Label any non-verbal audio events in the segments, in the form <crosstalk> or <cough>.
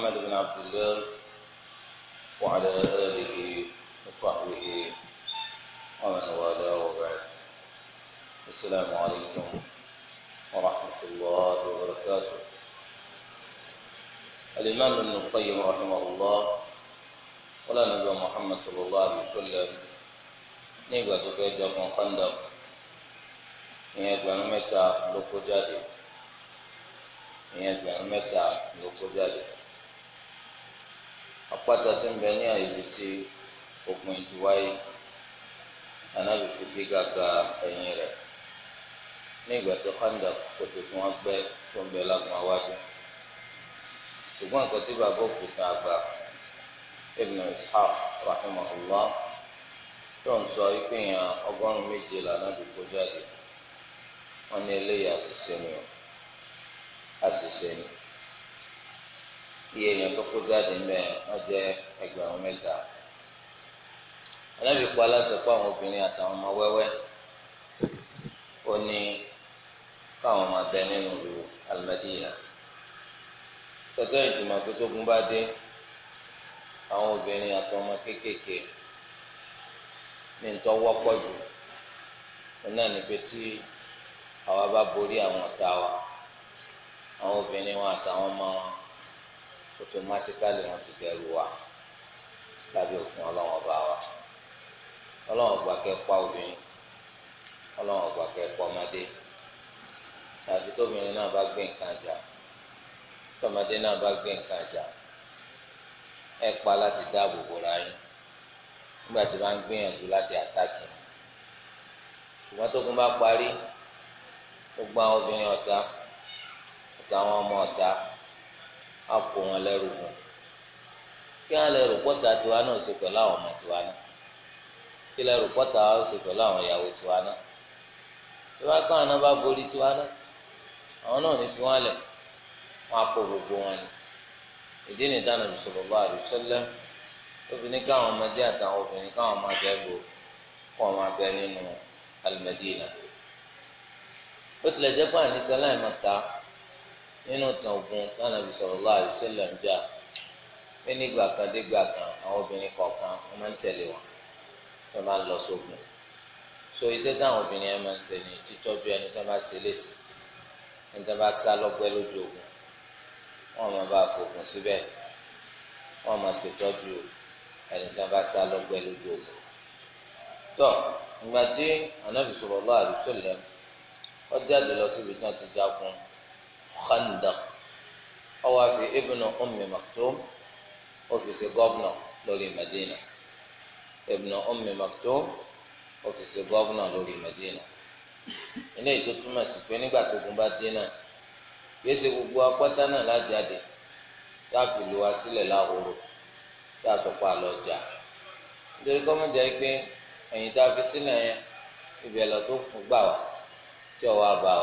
محمد بن عبد الله وعلى آله وصحبه ومن والاه وبعد السلام عليكم ورحمة الله وبركاته الإمام ابن القيم رحمه الله ولا نبي محمد صلى الله عليه وسلم nígbà تبيجا من خندق khandam ìyẹn لوكو جادي ló kó لوكو جادي àpáta tí ń bẹ ní àyèbí tí ogun ìjì wáyé anábì fi gbígbà ga ẹ̀yìn rẹ̀ ní ìgbà tó kọ́ńdà kòtò tí wọ́n gbẹ́ tó ń bẹ lágùn awájú ṣùgbọ́n nǹkan tí bàbá òkúta àgbà ibn ishaq rahimahullah tó ń sọ wípé èèyàn ọgọ́rùn-ún méje lànàbì kó jáde wọ́n ní eléyìí àṣìṣe ni àṣìṣe ni iye èèyàn tó kó jáde ń bẹ wọn jẹ ẹgbẹ̀rún mẹ́ta alábì pa aláṣẹ pé àwọn obìnrin àtàwọn ọmọ wẹ́wẹ́ ó ní káwọn máa bẹ nínú ìlú alimadiya tọ́jọ́ ìtìmọ̀ pé tógun bá dé àwọn obìnrin àtàwọn ọmọ kéékèèké ní ntọ́ wọ́pọ̀ jù wọn náà ní pé tí àwa bá borí àwọn ọ̀tá wa àwọn obìnrin wọn àtàwọn ọmọ wọn automatically wọ́n ti dẹrù wa lábẹ́ òfin ọlọ́run ọba wa ọlọ́run ọgbà kẹ́ pa obìnrin ọlọ́run ọgbà kẹ́ pa ọmọdé tàbí tóbìnrin náà bá gbé nǹkan jà tọmọdé náà bá gbé nǹkan jà ẹ pa láti dáàbò bò ra yín nígbà tí wọ́n gbìyànjú láti àtàkì ṣùgbọ́n tógun bá parí gbogbo àwọn obìnrin ọ̀tá ọ̀tá àwọn ọmọ ọ̀tá á kó wọn lẹ́rù wọn kí wọn lẹ́rù pọ́tà tiwa náà ṣe pẹ̀lú àwọn ọmọ tiwa náà kí lẹ́rù pọ́tà wa ṣe pẹ̀lú àwọn ìyàwó tiwa náà tí wọn kọ́ àwọn bá borí tiwa náà àwọn náà ní fi wọn lẹ̀ wọn á gbogbo wọn ni ìdí ni dáná sallallahu alaihi wasallam obìnrin káwọn ọmọdé àtàwọn obìnrin káwọn máa bẹ gbò kó wọn nínú al ó tilẹ̀ jẹ́ pé àníṣe aláìmọ̀ta. nínú ìtàn ogun tí Ànábì sallallahu alaihi wasallam jà pé nígbà kan dégbà kan àwọn obìnrin kọ̀ọ̀kan wọ́n máa ń tẹ̀lé wọn tó máa ń lọ sógun so iṣẹ́ táwọn obìnrin yẹn máa ń ṣe ni títọ́jú ẹni tó bá ṣe léṣe ẹni tó bá sá lọ́gbẹ́ lójú ogun máa bá fògùn síbẹ̀ ẹni tó bá sá lọ́gbẹ́ ogun tọ́ ìgbà tí tí wọ́n ti jagun. khandaq ọwọ́ àfi ibnu ummi maktum ó fi ṣe gọ́vnọ̀ lórí madina ibnu ummi maktum ó fi ṣe gọ́vnọ̀ lórí madina ilé ètò túmọ̀ sí pé nígbà tó gun bá dé náà yé ṣe gbogbo apáta náà lájáde yá fi lu wa sílẹ̀ láhoro yá sọ pé àlọ́ nítorí kọ́mọ̀jà yìí pé ẹ̀yìn tá a fi sílẹ̀ yẹn ibẹ̀ lọ tó gbà wá tí ọwọ́ á bá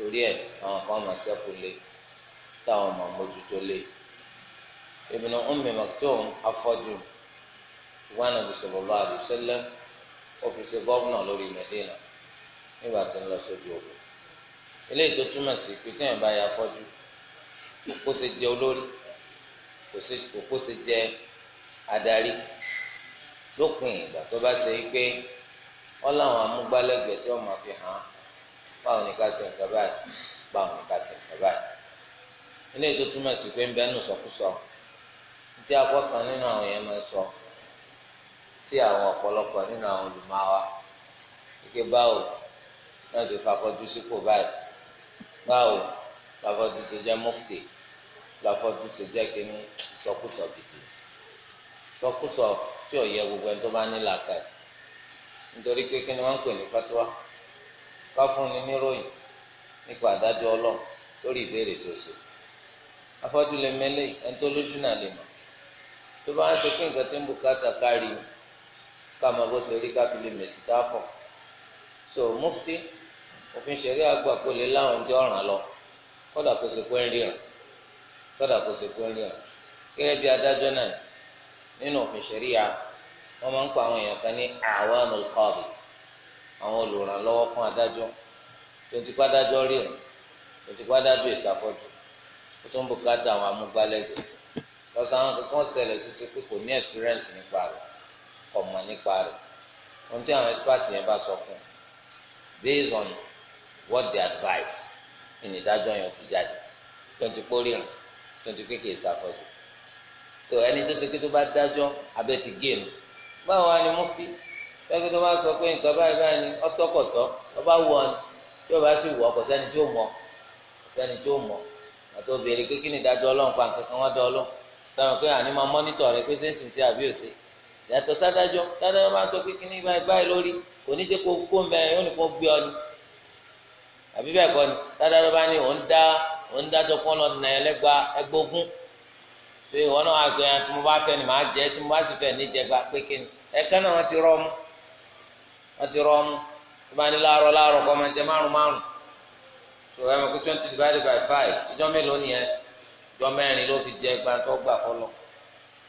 torí ẹ àwọn kan máa sẹ́kù lé táwọn máa mójútó lé Ibn Ummi Maktum afọ́jú ṣùgbọ́n Ànábì sallallahu alaihi wasallam ó fi ṣe gọ́vnà lórí Mẹ́dínà nígbà tó ń lọ sójú ogun eléyìí tó túmọ̀ sí pé tí èèyàn bá ya afọ́jú kó ṣe jẹ olórí kó ṣe jẹ adarí lópin ìgbà tó bá ṣe pé wọ́n láwọn amúgbálẹ́gbẹ̀ẹ́ tí wọ́n máa fi hàn án báwo ni ká ṣe nǹkan báyìí báwo ni ká ṣe nǹkan báyìí ilé tó túmọ̀ sí pé ń bẹ́ẹ̀ nù sọkúsọ tí apá kan nínú àwọn èèyàn máa ń sọ sí àwọn ọ̀pọ̀lọpọ̀ nínú àwọn olùmọ̀wá wípé báwo náà ṣe fàfọ́jú sípò báyìí báwo làfọ́jú ṣe jẹ́ mufti làfọ́jú ṣe jẹ́ kínní ìsọkúsọ gidi ìsọkúsọ tí ò yẹ gbogbo ẹni tó bá ní làákàyè nítorí pé kí ni wọ́n ń pè ní fatiwa ká fúnni níròyìn nípa àdájọ́ Ọlọ́run lórí ìbéèrè tó ṣe afọ́jú lè mẹlẹ ẹni tó lójú náà lè mọ̀ tó bá ń ṣe pé nǹkan tí ń bùkátà kárí ká máa bó ṣe rí ká fi lè mèsì tá so mufti òfin ṣẹlẹ àgbà kò lè láwọn tí ọ̀ràn lọ kódà kó ṣe pé ń ríran kódà kó ṣe pé ń ríran gẹ́gẹ́ bí adájọ́ náà nínú òfin ṣẹlẹ yà wọn máa ń pa àwọn èèyàn kan ní àwọn àmì kọọbì àwọn olùrànlọ́wọ́ fún adájọ́ tó ń tipa adájọ́ ríran tó ń tipa adájọ́ ìsàfọ́jú ó tún bùkátà àwọn amúgbálẹ́gbẹ̀ẹ́ lọ́sọ̀ àwọn kankan ṣẹlẹ̀ tó ṣe pé kò ní experience nípa rẹ̀ kò mọ̀ nípa rẹ̀ ohun tí àwọn expert yẹn bá sọ fún un based on what they advise ìnìdájọ́ yẹn fi jáde tó ń tipa ríran tó ń tipa kì í ṣàfọ́jú so ẹni tó ṣe pé tó bá dájọ́ abẹ́ ti géèmù e báwo wá ni mufti. lẹ́gbẹ̀ẹ́ tó bá sọ pé nǹkan báyìí báyìí ni ni kò sẹ́ni tí ó kò sẹ́ni tí ó àti obìnrin kékeré ní ìdájọ́ ọlọ́run pa nǹkan kan wá dán ọlọ́run táwọn pé máa sọ pé ni àbí bẹ́ẹ̀ kọ́ ni bá ní òun dá òun dá pọ́n lọ nà ẹ lẹ́gba ẹgbógún ṣé ìwọ náà àgbẹ̀yàn tí mo bá fẹ́ ni màá tí mo bá sì fẹ́ ní pé wọ́n ti rọ ọmú tó bá ní láàárọ̀ láàárọ̀ kọ́ máa jẹ márùn márùn so ẹ mọ̀ pé twenty divided by five ìjọ mélòó nìyẹn ìjọ mẹ́rin ló fi jẹ gbàǹtọ́ gbà fọlọ́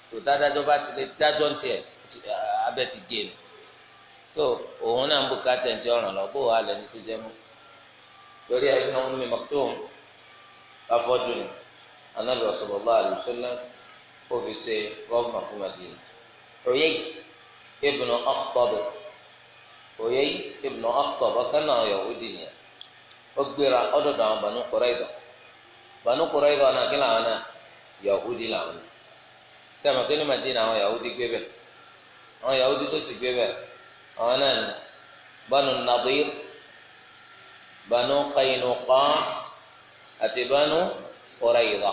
so dádájọ́ bá ti lè dájọ́ ń tiẹ̀ abẹ́ ti gé e so òun náà ń bò ká tẹ̀ ń tẹ ọ̀ràn lọ bó wàá lẹni tó jẹ́ mú torí ẹ ní ọmọ mi Maktum afọ́jú ni Ànábì sallallahu alaihi wasallam ó fi ṣe gọ́ọ̀mà fún Madina Uyay ibn Akhtab òye ibn Akhtab ọ̀kan náà Yahudi nìyẹn ó gbéra ọdọdọ àwọn Banu Qurayza Banu Qurayza náà kí làwọn náà Yahudi làwọn náà sẹ́mi kí ni Madina àwọn Yahudi gbé bẹ́ẹ̀ àwọn Yahudi tó sì gbé bẹ́ẹ̀ àwọn Banu Nadir Banu Qaynuqa àti Banu Qurayza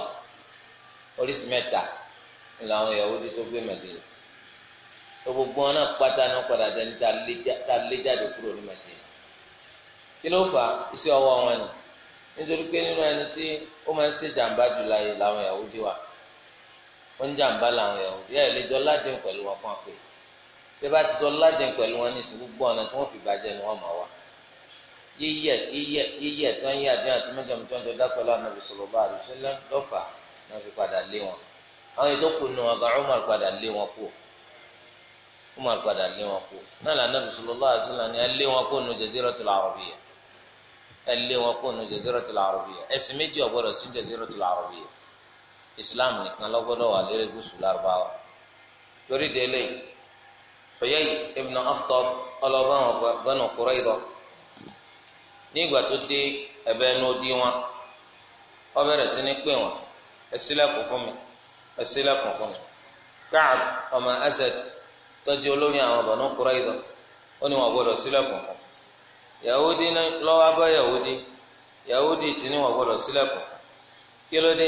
oríṣi mẹ́ta ni làwọn Yahudi tó gbé Madina gbogbo wọn náà pátá náà padà dẹni tá a lé jáde kúrò ní Madina kí ló fà iṣẹ́ ọwọ́ wọn ni nítorí pé nínú ẹni tí ó máa ń ṣe jàǹbá jù láyé làwọn Yahudi wà wọn ń jàǹbá làwọn Yahudi yẹ ìlẹjọ ládìn pẹ̀lú wọn kan pé tẹ bá ti jọ ládìn pẹ̀lú wọn ní ìsìn gbogbo ọ̀nà tí wọ́n fi bàjẹ́ ni wọ́n máa wà yíyẹ yíyẹ yíyẹ tí wọ́n yí àdéhùn àti mẹ́jọmú tí wọ́n jọ dá pẹ̀lú Ànábì sallallahu alaihi wasallam lọ́fà náà fi padà lé wọn àwọn ètò kùnú ọ̀gá Umar padà lé wọn kú umar padà lé wọn kó náà lànà bisalòlá àṣìlá ni ẹ lé wọn kó nu jaziratul arabiyya ẹ lé wọn kó nu jaziratul arabiyya ẹsìn méjì ò gbọdọ̀ sí jaziratul arabiyya islam nìkan ló gbọdọ̀ wà lérè gúúsù lárúbáwá torí délé Huyay ibn Akhtab ọlọ́ba wọn Banu Qurayza ní ìgbà tó dé ẹ̀bẹ̀ ẹnu òdi wọn ó bẹ̀rẹ̀ sí ní pè wọn ẹ fún mi ẹ fún mi Ka'b ọmọ Asad tọ́jú olórí àwọn Banu Qurayza ó ní wọn gbọ́dọ̀ sílẹ̀kùn fún Yahudi lọ́wọ́ abá Yahudi Yahudi ti ní wọn gbọ́dọ̀ sílẹ̀kùn fún kí ló dé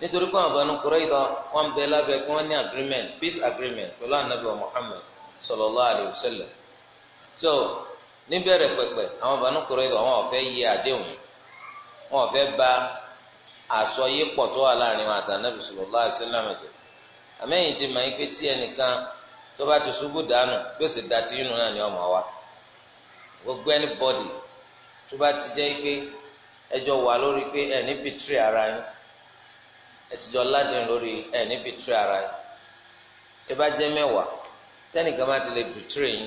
nítorí pé àwọn Banu Qurayza wọn bẹ lábẹ́ kí wọ́n ní agreement peace agreement pẹ̀lú anabi wa Muhammad sallallahu alayhi wa sallam so níbẹ̀rẹ̀ pẹ̀pẹ̀ àwọn Banu Qurayza wọn ò fẹ́ yẹ àdéhùn wọn ò fẹ́ ba àsọyépọ̀ tó wà láàrin wọn àtànàbì sallallahu alayhi wa sallam àmẹ́yìn ti mọ̀ ẹ́ tó bá ti ṣubú dànù bí sì da ti inú náà ọmọ wa gbogbo ẹni bọ́dì ti jẹ́ pé ẹjọ́ wà lórí pé ẹ bìtírì ara yín ẹ ti lórí bìtírì ara yín tẹ bá jẹ́ mẹ́wàá ti lè bìtírì yín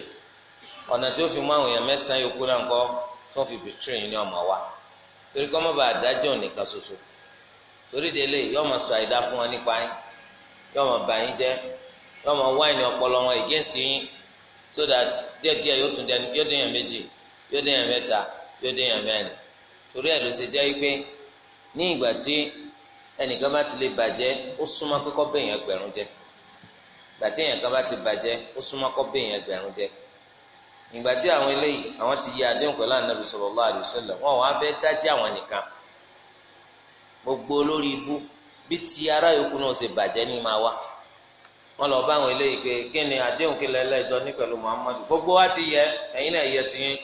ọ̀nà tí ó fi mú àwọn èèyàn mẹ́sàn-án yòókù náà kọ́ fi bìtírì yín ni ọmọ wa torí kọ́ mọ́ bá nìkan ṣoṣo torí délé sọ àìdá fún wọn nípa yín yóò máa wáìnì ọpọlọ wọn against yín so that díẹ̀díẹ̀ yóò tún dẹni yóò dẹyàn méjì yóò dẹyàn mẹ́ta yóò dẹyàn mẹ́rin torí ẹ̀ ló ṣe jẹ́ pé ní ìgbà tí ẹnìkan bá ti lè bàjẹ́ ó súnmọ́ pé kọ́ bẹ̀yàn ẹgbẹ̀rún jẹ́ ìgbà tí èèyàn kan bá ti bàjẹ́ ó súnmọ́ kọ́ bẹ̀yàn ẹgbẹ̀rún jẹ́ ìgbà tí àwọn eléyìí àwọn ti yí àdéhùn pẹ̀lú ànábì sallallahu alaihi wasallam wọn wàá fẹ́ dájẹ́ àwọn nìkan gbogbo olórí ibú bí ti ará yòókù náà ṣe bàjẹ́ ní máa wá wọn lọ bá àwọn eléyìí pé kí ni àdéhùn kí lẹlẹjọ ní pẹ̀lú muhammadu gbogbo wa ti yẹ ẹ̀yin náà yẹ tiyín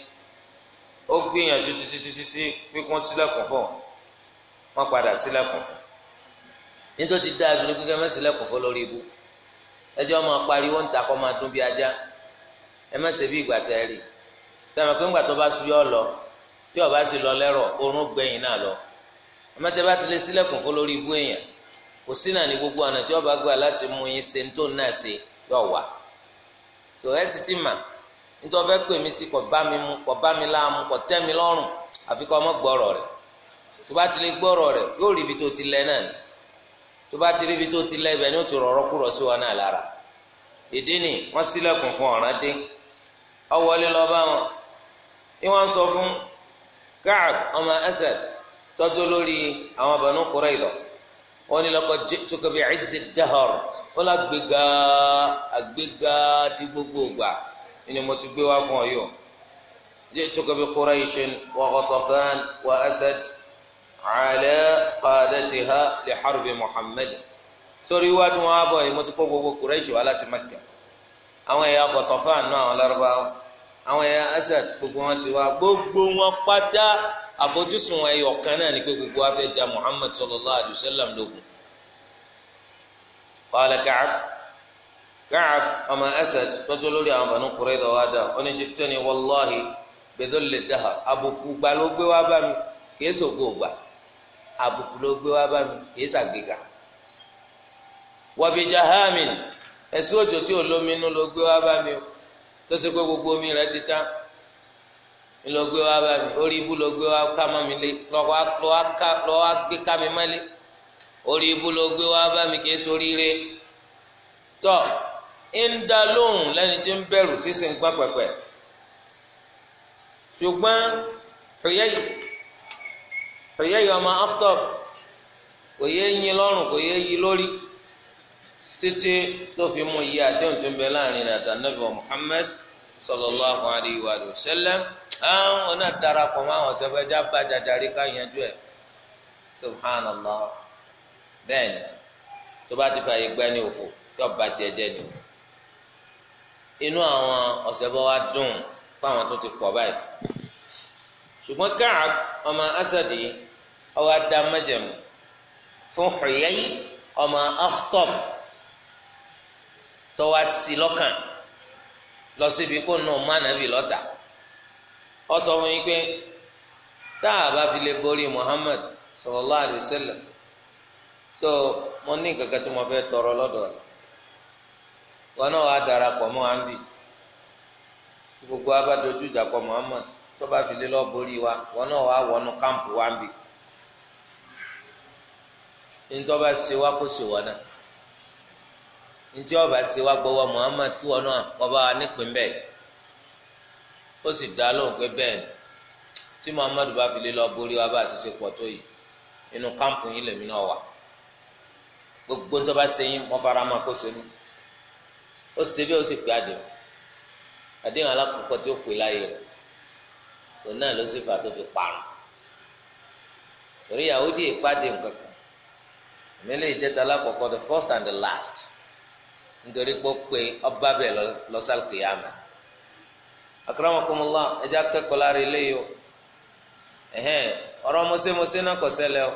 ó gbìyànjú títí títí tí pípọn sílẹ̀kùn fún wọn padà sílẹ̀kùn fún nítorí ti dáa fún kíkẹ́ mẹ́sìlẹ̀kùn fún lórí ibu ẹjọ́ máa pariwo ń ta kọ́ máa dún bí ajá ẹ mẹ́sẹ̀ bí ìgbà tẹ́ rí sẹ́mi pé ńgbà tó bá sùn yọ lọ tí ọba sì lọ lẹ́rọ̀ oorun gbẹ̀yìn náà lọ ẹ mẹ́tẹ́ bá ti lé sílẹ̀kùn fún lórí ibu èèyàn kò sí náà ní gbogbo ọ̀nà tí wọ́n bá gbà láti mú yín ṣe tó náà ṣe yọ̀ wá sì ti mà nítorí ọbẹ̀ pè mí sí kò bá mi mu kò bá mi kò tẹ́ mi lọ́rùn àfi ọmọ gbọ́rọ̀ rẹ̀ tó bá ti lè gbọ́rọ̀ rẹ̀ yóò rí ibi tó ti lẹ náà ni tó bá ti rí ibi tó ti lẹ ibẹ̀ ni ó ti rọ̀rọ̀ kúrọ̀ sí wọn náà lára ìdí ni wọ́n sílẹ̀kùn fún ni wọ́n sọ fún ọmọ tọ́jú lórí àwọn wọn ni lọkọ tukabi ẹsẹ dahọr wọn la gbéga agbéga ti gbogbo gbà ẹni mo ti gbé wá fún ọ yìí o tukabi quraishin wa qatafan wa asad ala qadatiha li harbi muhammad sori wa tí wọn bọ yìí mo ti kó gbogbo quraishi wa láti Mẹ́kà àwọn ẹ̀yà qatafan náà àwọn Lárúbáwá àwọn ẹ̀yà asad gbogbo wọn ti wá gbogbo wọn pátá. àfojúsùn ẹyọ kan náà ni pé gbogbo wa fẹ́ Muhammad sallallahu alayhi wa sallam lógun qala Ka'ab Ka'ab ọmọ Asad tọjú lórí àwọn onye Qurayza wa dà ní wallahi bidhulli dahr àbùkù gbà ló gbé wá bá mi kìí sògo gbà àbùkù ló gbé mi kìí sàgbéga ẹ̀sùn tó ṣe pé gbogbo ti tán. ńlọgbé wa bá mi orí ibú lọgbé wa ká mọ́ mi lé lọ́wọ́ gbé ká mi mọ́lé orí ibú lọgbé wa bá mi kìí sórí rẹ tọ́ ń dá lóhùn lẹ́ni tí ń bẹ̀rù tí sì ń gbọ́n pẹ̀pẹ̀ ṣùgbọ́n Huyay Huyay ọmọ Akhtab kò yé yín lọ́rùn kò yé yín lórí títí tó fi mú iye àdéhùn tó ń bẹ láàrin àtànábì Muhammad sallallahu alayhi wa sallam àwọn náà darapọ̀ mọ́ àwọn sọ́fẹ́ já bá jàjàrí ká yanjú ẹ̀ subhanallah bẹ́ẹ̀ ni tó bá ti fààyè gbẹ́ ní òfò yóò bá tiẹ̀ jẹ́ ni o inú àwọn ọ̀sẹ̀bọ̀ wa dùn pé àwọn tó ti pọ̀ báyìí ṣùgbọ́n Ka'ab ọmọ Asadi ọwọ́ adá mẹ́jẹ̀mú fún Huyay ọmọ Akhtab tó sí lọ́kàn. lọ síbi kó nù mú lọ́tà ọ sọ fún yín pé tá a bá fi lè so mo ní kankan tí mo fẹ́ tọrọ lọ́dọ̀ rẹ̀ wọn náà wàá darapọ̀ mọ́ àǹbì tí gbogbo wa ìjà tó bá fi wa wọn náà ntí ọba ṣe wá gbọ́wọ́ Muhammad kí wọn náà wọn bá wa nípìn bẹ́ẹ̀ ó sì dá lóhùn pé bẹ́ẹ̀ tí Muhammad bá fi lé lọ borí wa bá ti ṣe pọ̀ tó yìí inú kámpù yín lèmi náà wà gbogbo tó bá ṣe yín wọn fara máa kó sínú ó ṣe bí ó sì pé àdéhùn àdéhùn alákọ̀ọ́kọ́ tí ó pè láyé rẹ̀ òun náà ló sì fà tó fi parun torí Yahudi ìpàdé nǹkan kan ìmẹ́lẹ̀ ìjẹta alákọ̀ọ́kọ́ the first and the last. nítorí pé ó pe ọba akramakumullah ẹjẹ akẹ́kọ̀ọ́ lára eléyìí o ẹ̀hẹ́n mose mose na o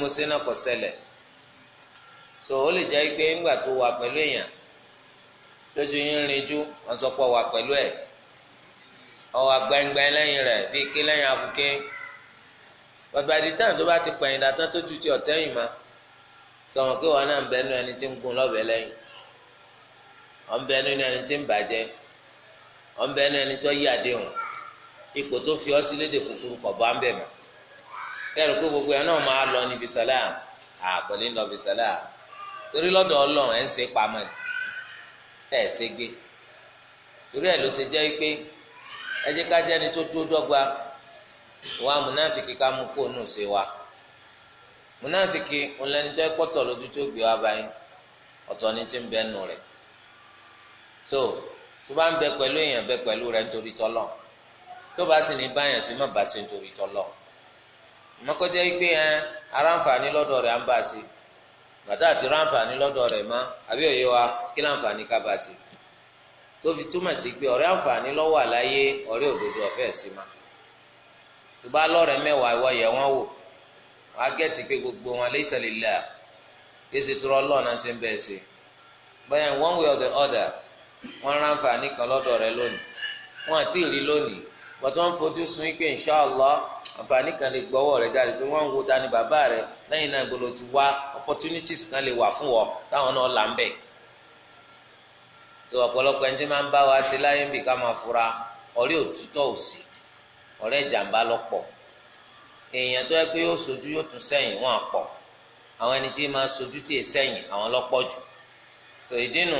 mose náà kò ṣẹlẹ̀ so ó lè tó wà pẹ̀lú èèyàn tójú yín rinjú wọ́n sọ pé wà pẹ̀lú bíi abuké ìdí tó bá ti tójú sọmọ wa wọn náà ń bẹnu ẹni tí ń gun lọ́bẹ̀ lẹ́yìn ọ̀ ń bẹnu ẹni tí ń bàjẹ́ ọ̀ ń bẹnu ẹni tó yí àdéhùn ipò tó fi ọ́ léde kúkúrú kọ̀ bá ń gbogbo ẹ náà máa lọ níbi ń lọ bí sàlám torí lọ́dọ̀ ń ṣe ṣe gbé torí ẹ̀ ló wa. múnáfìkì ńlẹ́nitọ́ ẹ̀pọ̀tọ̀ lójú tó gbé wá báyìí ọ̀tọ̀ ni ti ń bẹ nù rẹ̀ so tó bá ń bẹ pẹ̀lú èèyàn bẹ pẹ̀lú rẹ̀ nítorí tọ́lọ̀ tó bá sì ní báyàn sí má bá sí nítorí tọ́lọ̀ mọ́kọ́jẹ́ gbé yẹn aráǹfààní lọ́dọ̀ rẹ̀ à ń bá sí gbàtà àti ráǹfààní lọ́dọ̀ rẹ̀ mọ́ àbí òye wa kí láǹfààní ká bá sí tó fi túmọ̀ sí pé ọ̀rẹ́ àǹfààní lọ́wọ́ àláyé ọ̀rẹ́ òdodo ọ̀fẹ́ ma tó bá lọ́rẹ̀ẹ́ mẹ́wàá wàá gẹ̀tì pé gbogbo wọn laysa lillah èsì tó rọ lọ́ọ̀nà ṣe ń bẹ̀ ṣe bẹ́ẹ̀ in one way or the other wọ́n ránfààní kan lọ́dọ̀ rẹ lónìí wọ́n àti ìrí lónìí bọ́tú wọ́n fojú sun pé inṣàlọ́ àǹfààní kan lè gbọ́wọ́ rẹ jáde tó wọ́n ń wo ta ni bàbá rẹ lẹ́yìn náà gbọ́dọ̀ ti wá opportunities kan lè wà fún ọ táwọn náà là ń bẹ̀. tó ọ̀pọ̀lọpọ̀ ẹni tí máa ń bá wa ṣe láyé ń bì ká máa fura ọ̀rẹ́ òtítọ́ òsì ọ̀rẹ́ ìjàmbá lọ́pọ̀ èèyàn tó yẹ pé yóò sojú yóò tún sẹ́yìn wọn àpọ̀ àwọn ẹni tí máa sojú tí è sẹ́yìn àwọn lọ́pọ̀ jù tó ìdínú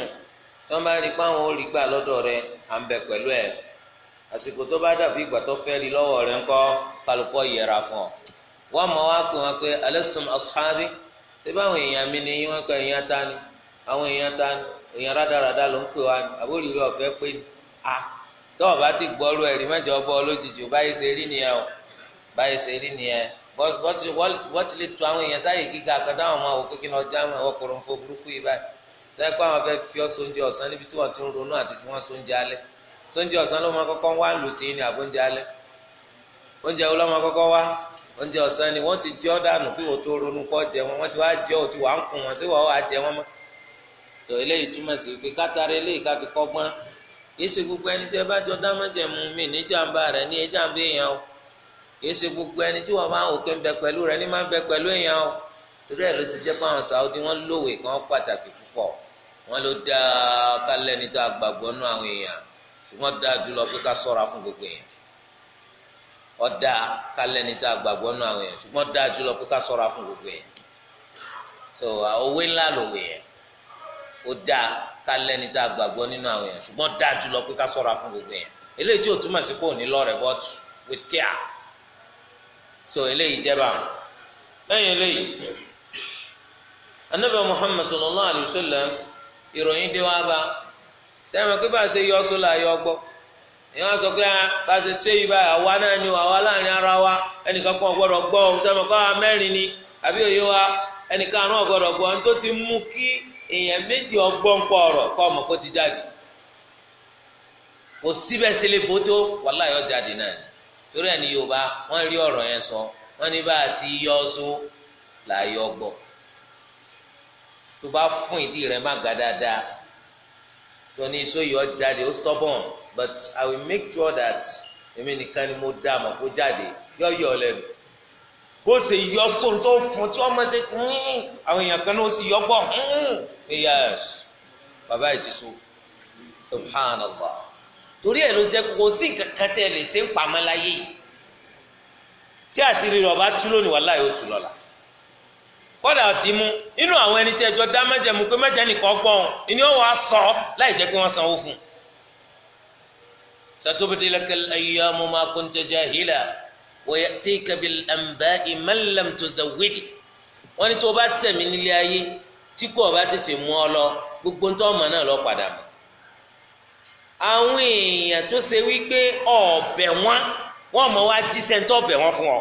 tó ń bá rí pé àwọn ò rí gbà lọ́dọ̀ rẹ à ń bẹ pẹ̀lú ẹ̀ àsìkò tó bá dàbí ìgbà tó fẹ́ rí lọ́wọ́ rẹ ńkọ́ kálukọ́ yẹra fún ọ wọ́n mọ̀ wá pé wọn pé alẹ́sùtùm ọ̀sáábí ṣé báwọn èèyàn mi ni wọ́n pẹ́ èèyàn ta ni àwọn èèyàn ta ni èèyàn rádaràda ló ń pè wá ni àbóríire ọ̀fẹ́ pé ni a tọ́ọ̀ bá ti gbọ́ ọ́rú ẹ̀rí mẹ́jọ bọ́ ọ lójijì báyìí ṣe rí nìyẹn o báyìí ṣe rí nìyẹn wọ́n ti lè tu àwọn èèyàn sáyè gíga kan táwọn ọmọ àwọn kékeré ọjà wọn àwọn kòrò ń fo burúkú yìí báyìí sọ́yìn pé àwọn fẹ́ fi ọ́ sóúnjẹ ọ̀sán níbi tí wọ́n ti ń ronú àti fi wọ́n sóúnjẹ alẹ́ sóúnjẹ ọ̀sán ló máa kọ́kọ́ wá lù tí ní àbóúnjẹ alẹ́ oúnjẹ wo ló máa kọ́kọ́ wá oúnjẹ ọ̀sán ni wọ́n ti jọ́ dànù kí wọ́n tó ronú kọ́ jẹ wọn wọ́n ti wá jẹ́ òtí wàá ń kùn wọn sí wàá wà jẹ wọn mọ́ tó eléyìí túmọ̀ sí pé kátàrí eléyìí ká fi kọ́gbọ́n kì í ṣe gbogbo ẹni tẹ́ bá jọ dámọ́jẹ̀mú mi níjàmbá rẹ̀ ní ẹjàmbá èèyàn o kìí ṣe gbogbo ẹni tí wọn bá ń wò pé ń bẹ pẹ̀lú rẹ ní máa ń bẹ pẹ̀lú èèyàn o torí ẹ̀ ló ti jẹ́ pé àwọn Saudi wọ́n lòwe kan pàtàkì púpọ̀ wọ́n ló dá kálẹ̀ ní tá a gbàgbọ́ nú àwọn èèyàn ṣùgbọ́n dáa jùlọ pé ká sọ̀ra fún gbogbo èèyàn ọ̀dà kálẹ̀ ní tá a nú àwọn èèyàn ṣùgbọ́n dáa jùlọ pé ká sọ̀ra fún gbogbo èèyàn so òwe ńlá lòwe yẹn ó dáa kálẹ̀ ní tá a gbàgbọ́ nínú àwọn èèyàn ṣùgbọ́n dáa jùlọ pé ká sọ̀ra fún gbogbo èèyàn eléyìí tí with care so eleyi jẹ́ báwọn lẹ́yìn anabi muhammad sallallahu alayhi wa sallam ìròyìn dé wá bá sẹ́yìn pé bá a ṣe yọ sólà yọ gbọ́ ìyẹn wá sọ pé ah, bá a ṣe ṣe báyìí àwa náà ni àwa láàrin ara wa ẹnìkan kan ọgbọ́dọ̀ gbọ́ sẹ́yìn pé àwa mẹ́rin ni àbí òye wa ẹnìkan àrùn ọgbọ́dọ̀ gbọ́ ọ tó ti mú kí èèyàn méjì ọgbọ́n pọ̀ ọ̀rọ̀ kọ́ ọmọ kó ti jáde kò síbẹ̀ torí ẹni yorùbá wọ́n rí ọ̀rọ̀ yẹn sọ wọ́n ní bá a ti yọ ọsọ là á yọ gbọ tó bá fún ìdí rẹ̀ má ga dáadáa tó ní iṣó yọ jáde ó stubborn but i will make sure that èmi nìkan ni mo dá àmọ́ kó jáde yọ yọ lẹ́nu bó ṣe yọ sóun tó fún tí wọ́n máa ṣe hmm, àwọn èèyàn kan náà ó sì yọ gbọ hmm. yes bàbá ìtìsó subhanallah torí ẹ̀ ló jẹ́ kókó sí nǹkan kan tẹ́ ẹ lè ṣe ń pamọ́ láyé yìí tí àṣírí rẹ̀ ọba tú lónìí wàhálà yóò tú lọ́la kọ́dà ọ̀tí mú inú àwọn ẹni tí ẹjọ́ dá mẹ́jẹ̀mú pé mẹ́jẹ̀ nìkan gbọ́n ìní ọ̀wọ́ á láì jẹ́ pé wọ́n sanwó fún un. ستبدي لك الأيام ما كنت جاهلا ويأتيك بالأنباء من لم تزود wọ́n ní tó o bá sẹ̀mí nílé ayé tí kò bá tètè mú ọ lọ gbogbo ń tọ́ ọmọ náà lọ padà mọ́ àwọn èèyàn tó ṣe wípé ọ̀bẹ̀ wọn wọn mọ̀ wá jíṣẹ́ ń tọ́bẹ̀ wọn fún ọ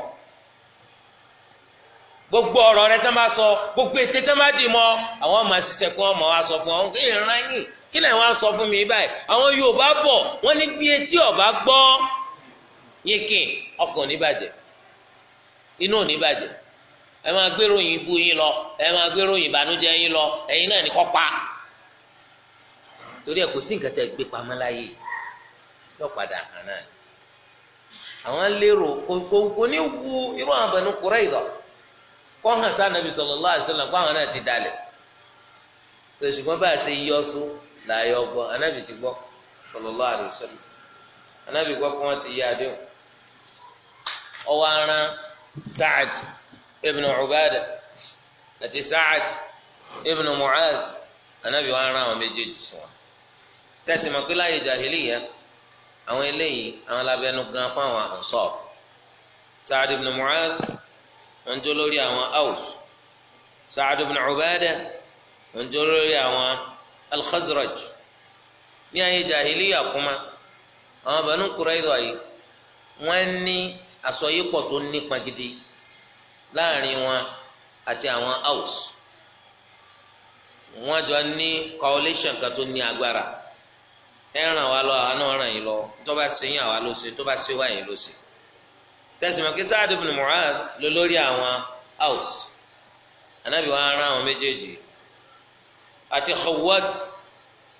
gbogbo ọ̀rọ̀ rẹ tán bá sọ gbogbo ètè tán bá dì mọ́ àwọn ọmọ àṣìṣẹ́ kí wọ́n mọ̀ wá sọ fún ọ kí ìran yìí kí lẹ́yìn wá sọ fún mi báyìí àwọn Yorùbá bọ̀ wọ́n ní bí etí ọ̀bá gbọ́ yínkìn ọkàn ní bàjẹ́ inú ò ní bàjẹ́ ẹ máa gbèrò yín bú yín lọ ẹ máa gbèrò yín ìbànújẹ́ yín lọ ẹ̀yin náà ní kọ́ pa torí ẹ kò sí nǹkan tẹ gbé pamọ́ láyé yóò padà hàn náà àwọn lérò kò ní wu irú àwọn Banu Qurayza kọ́ hàn sí Ànábì sallallahu alaihi wasallam kó àwọn náà ti dalẹ̀ tó ṣùgbọ́n bá a ṣe yọ sún láàyè ọgbọ́n Ànábì ti gbọ́ sallallahu alaihi wasallam Ànábì gbọ́ kó wọ́n ti yí adéhùn ọwọ́ aràn Sa'ad ibn Ubadah àti Sa'ad ibn Mu'adh Ànábì wọn aràn àwọn méjèèjì sí wọn sẹ́sì mọ̀ pé láyé jàhílíyà àwọn eléyìí àwọn labẹ́nu gan fún àwọn ansar Sa'ad ibn Mu'adh wọ́n jó lórí àwọn Aws Sa'ad ibn Ubadah wọ́n jó lórí àwọn al-Khazraj ní ayé jàhílíyà kuma àwọn Banu Qurayza yìí wọ́n ní àsọyípọ̀ tó nípa gidi láàrin wọn àti àwọn Aws wọ́n jọ ní coalition kan tó ní agbára ẹ ràn wá lọ àwa náà ràn yín lọ tó bá ṣe yín àwa ló ṣe tó bá ṣe wá yín ló ṣe sẹ́sìn mọ̀ kí Sa'ad ibn Mu'adh ló lórí àwọn Aws anábì wa rán àwọn méjèèjì àti Khawwat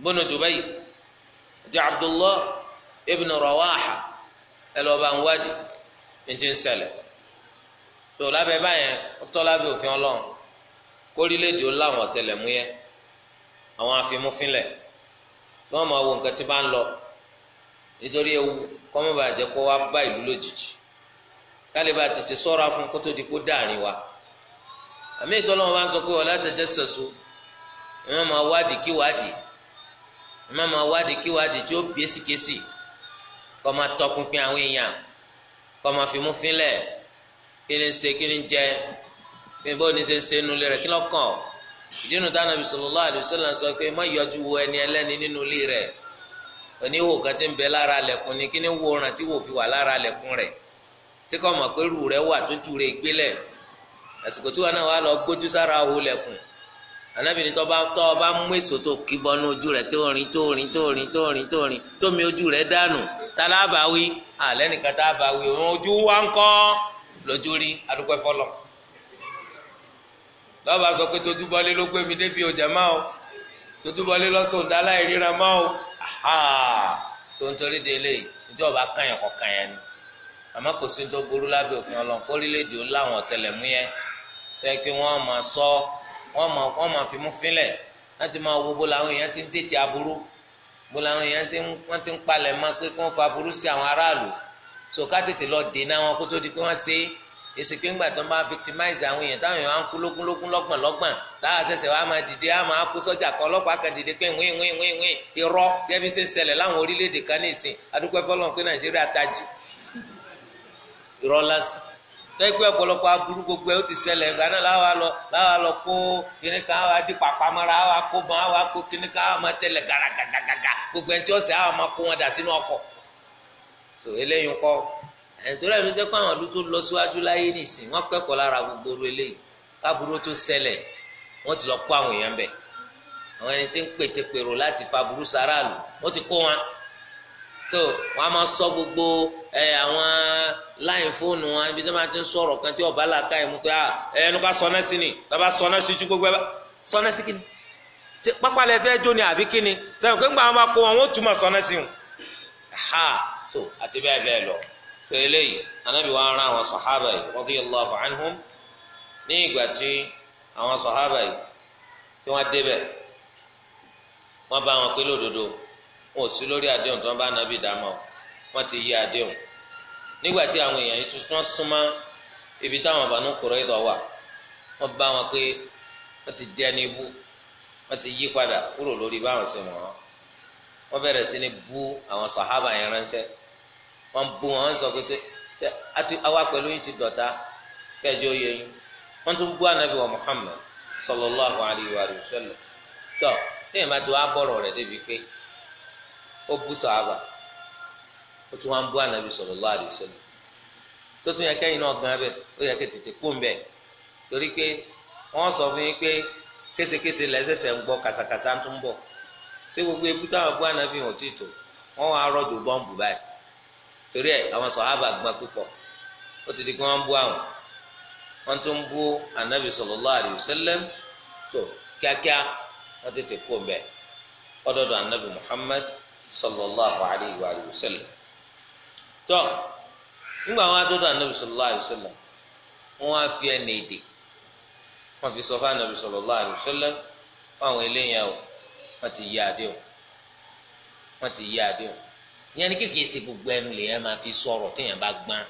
bónú Jubayr àti Abdullah ibn Rawaha ẹ lọ́ọ́ bá ń wájú ní ń ṣẹlẹ̀ tó lábẹ́ báyẹn ó tọ́ òfin ọlọ́run kórìlédìí ó láwọn àwọn afimúfinlẹ̀ tí wọ́n máa wo nǹkan tí bá ń lọ nítorí ewu kọ́mọ́bà jẹ́ kó wá bá ìlú lójijì kálíbà tètè sọ́ra fún kó tó di kó dáàrin wa àmì ìtọ́lọ́wọ́n bá ń sọ pé ọ̀la tẹ̀tẹ̀ sọ̀sọ ẹ má máa wádìí kíwádìí ẹ má máa wádìí kíwádìí tí ó bí kọ́ máa tọpinpin àwọn èèyàn kọ́ máa fimú fínlẹ̀ kí ni ń ṣe kí ni ń jẹ kí ni bó ni ṣe ń ṣe nulẹ̀ rẹ̀ kí lọ́kàn ọ́ ìdínú táwọn Ànábì sallallahu alaihi wasallam sọ pé má yọjú wo ẹni ẹlẹ́ni nínú ilé rẹ̀ oníwò kan ti ń bẹ lára lẹ̀kùn ni kí ni wo ràn tí wò fi wà lára lẹ̀kùn rẹ̀ tí kò mọ̀ pé rú rẹ̀ wà tójú rẹ̀ gbélẹ̀ àsìkò tí wọn náà wà lọ gbójú sára wo lẹ̀kùn anábìrin tó bá tọ́ ọ bá mú èso tó kí bọnú ojú rẹ̀ tó rìn tó rìn tó rìn tó rìn tó rìn tómi ojú rẹ̀ dànù tálábàáwí àlẹ́ nìkan tábàáwí òun ojú wa ń kọ́ lójú rí adúpẹ́ fọlọ́ lọ́ba sọ pé tójúbọlé ló gbé mi débi ọjà máa o tójúbọlé lọ́sùn dálá ìríra máa o tó ń torí délé ìjọba kàyàn kọ kàyàn ni àmọ́ kò sí tó burú lábẹ́ òfin ọlọ́run kórìlédè ó láwọn ọ̀tẹlẹ̀múyẹ́ tẹ́ pé wọ́n máa sọ wọ́n máa wọ́n máa fi mú fínlẹ̀ láti máa wo bó làwọn èèyàn ti ń dètè aburú bó làwọn èèyàn ti ń wọ́n ti ń palẹ̀ mọ́ pé kí wọ́n fa aburú sí àwọn aráàlú so ká tètè lọ dènà wọn kó tó di pé wọ́n ṣe é ese pé ńgbà tó ń bá victimize àwọn èèyàn táwọn èèyàn á ń kú lógún lógún lọ́gbọ̀n lọ́gbọ̀n láwọn àṣẹṣẹ wa máa dìde á máa kú sọ́jà kan ọlọ́pàá kan dìde pé wín wín wín wín irọ́ gẹ́bí ṣe ń ṣẹlẹ̀ láwọn orílẹ̀-èdè kan ní adúpẹ́ fọlọ́n pé nàìjíríà tají irọ́ lásán tẹ́gbẹ́ ọ̀pọ̀lọpọ̀ aburú gbogbo ẹ̀ ó ti ṣẹlẹ̀ gbaná láwa lọ kó kíní kan àwa di pàpàmọ́ra àwa kó mọ́ àwa kó kíní kan àwa máa gàràgàgàgà gbogbo ẹ̀ ń tí máa so eléyìí ń kọ́ ẹ̀tọ́ rẹ̀ ló jẹ́ pé àwọn ọdún tó lọ síwájú láyé nìsín wọ́n kẹ́kọ̀ọ́ lára gbogbo oru eléyìí káburú tó ṣẹlẹ̀ wọ́n ti lọ kó àwọn èèyàn bẹ̀ àwọn ẹni tí ń pètèpèrò láti fa burú sáràlù wọ́n ti kó wọn so wọ́n á máa sọ gbogbo ẹ àwọn láìn fóònù wọn ibi tí wọ́n ti ń sọ̀rọ̀ kan tí ọba làákà yìí mú pé ẹ ẹnu ká sọnà sí ni bàbá sọnà sí ju gbogbo ẹ bá sọnà sí kíni pápá fẹ́ jó ni àbí kíni sẹ́yìn pé ńgbà wọn bá kó wọn wọ́n tún máa sọnà sí wọn ha so àti bẹ́ẹ̀ bẹ́ẹ̀ lọ sọ eléyìí anábì wa ran àwọn sàhábà yìí radiyallahu anhum ní ìgbà tí àwọn sàhábà yìí tí wọ́n débẹ̀ wọ́n bá wọn pé lódodo wọn ò sí lórí àdéhùn tí wọ́n bá nàbì dámọ̀ wọ́n ti yí àdéhùn nígbà tí àwọn èèyàn yìí tuntun súnmọ́ ibi táwọn Banu Qurayza wà wọ́n bá wọn pé wọ́n ti dẹni bú wọ́n ti yí padà kúrò lórí báwọn ṣe mọ̀ wọ́n bẹ̀rẹ̀ sí ní bú àwọn sàhábà yẹn ránṣẹ́ wọ́n bu wọn sọ pé tẹ àti àwa yìí ti kẹjọ yín tún bu anabi wa sallallahu alayhi wa sallam bá ti wá bọ̀rọ̀ rẹ̀ débi pé ó bu sàhábà ó tún bu anabi sallallahu alayhi wa sallam tó tún yẹ kẹ́yìn náà gan abẹ ó yẹ kẹ́ tètè sọ fún yín pé késekése lẹ́sẹ̀sẹ̀ ń gbọ kàsàkàsà ń tún ṣé bu anabi wọn báyìí. torí ẹ àwọn sọhábà gbọ́n púpọ̀ ó ti di pé wọ́n ń bú àwọn wọ́n tún ń bú anabi sallallahu alaihi wasallam tó kíákíá wọ́n tètè kó mbẹ ọdọdọ anabi muhammad sallallahu alaihi wasallam tó nígbà wọ́n adọdọ anabi sallallahu alaihi wasallam wọ́n á fi ẹnì èdè wọ́n fi sọ fún anabi sallallahu alaihi fún àwọn eléyàwó wọ́n ti yí adéhùn wọ́n ti yí adéhùn ìyẹn ni kékeré ṣe gbogbo ẹnu lèyàn máa fi sọ̀rọ̀ téèyàn bá gbọ́n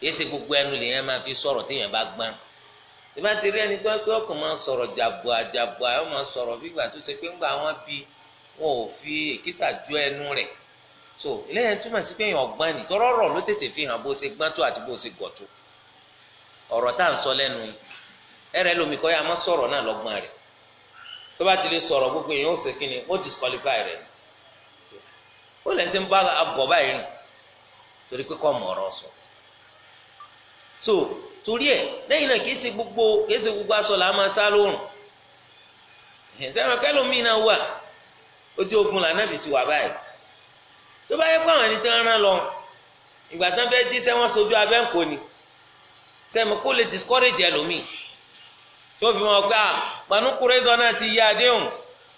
kìí ṣe gbogbo ẹnu lèyàn máa fi sọ̀rọ̀ téèyàn bá gbọ́n ìbá ti rí ẹni tó pé ọkàn máa sọ̀rọ̀ jàbọ̀ àjàbọ̀ àyọ̀ máa sọ̀rọ̀ bígbà tó ṣe pé ńgbà wọn bí wọn ò fi èkísà ju ẹnu rẹ̀ so eléyàn túmọ̀ sí pé èèyàn ọgbọ́n ni tọ́rọ̀ ọ̀rọ̀ ló tètè fi hàn bó ṣe gbọ́n tó àti bó ṣe gọ̀ tó ọ̀rọ̀ tá à ń sọ lẹ́nu ẹ̀rẹ́ lomi kọ́ ya má sọ̀rọ̀ náà lọ́gbọ́n rẹ̀ tó bá ti lè sọ̀rọ̀ gbogbo èèyàn ó ṣe kí ni ó disqualify rẹ̀ ni ó lè ṣe ń bá agọ̀ báyìí nù torí pé kọ́ mọ̀ ọ̀rọ̀ sọ so torí ẹ lẹ́yìn náà kìí ṣe gbogbo kìí ṣe gbogbo aṣọ là á máa sá lóòrùn sẹ́wọ̀n kẹ́lòmíì náà wà ojú ogun lànàbì ti wà báyìí tó bá yẹ pé àwọn ẹni tí wọ́n rán lọ ìgbà tán fẹ́ jí sẹ́wọ̀n sojú abẹ́ ń kò sẹ́wọ̀n kó lè discourage ẹlòmíì tó fi wọn gbà Banu náà ti yá adéhùn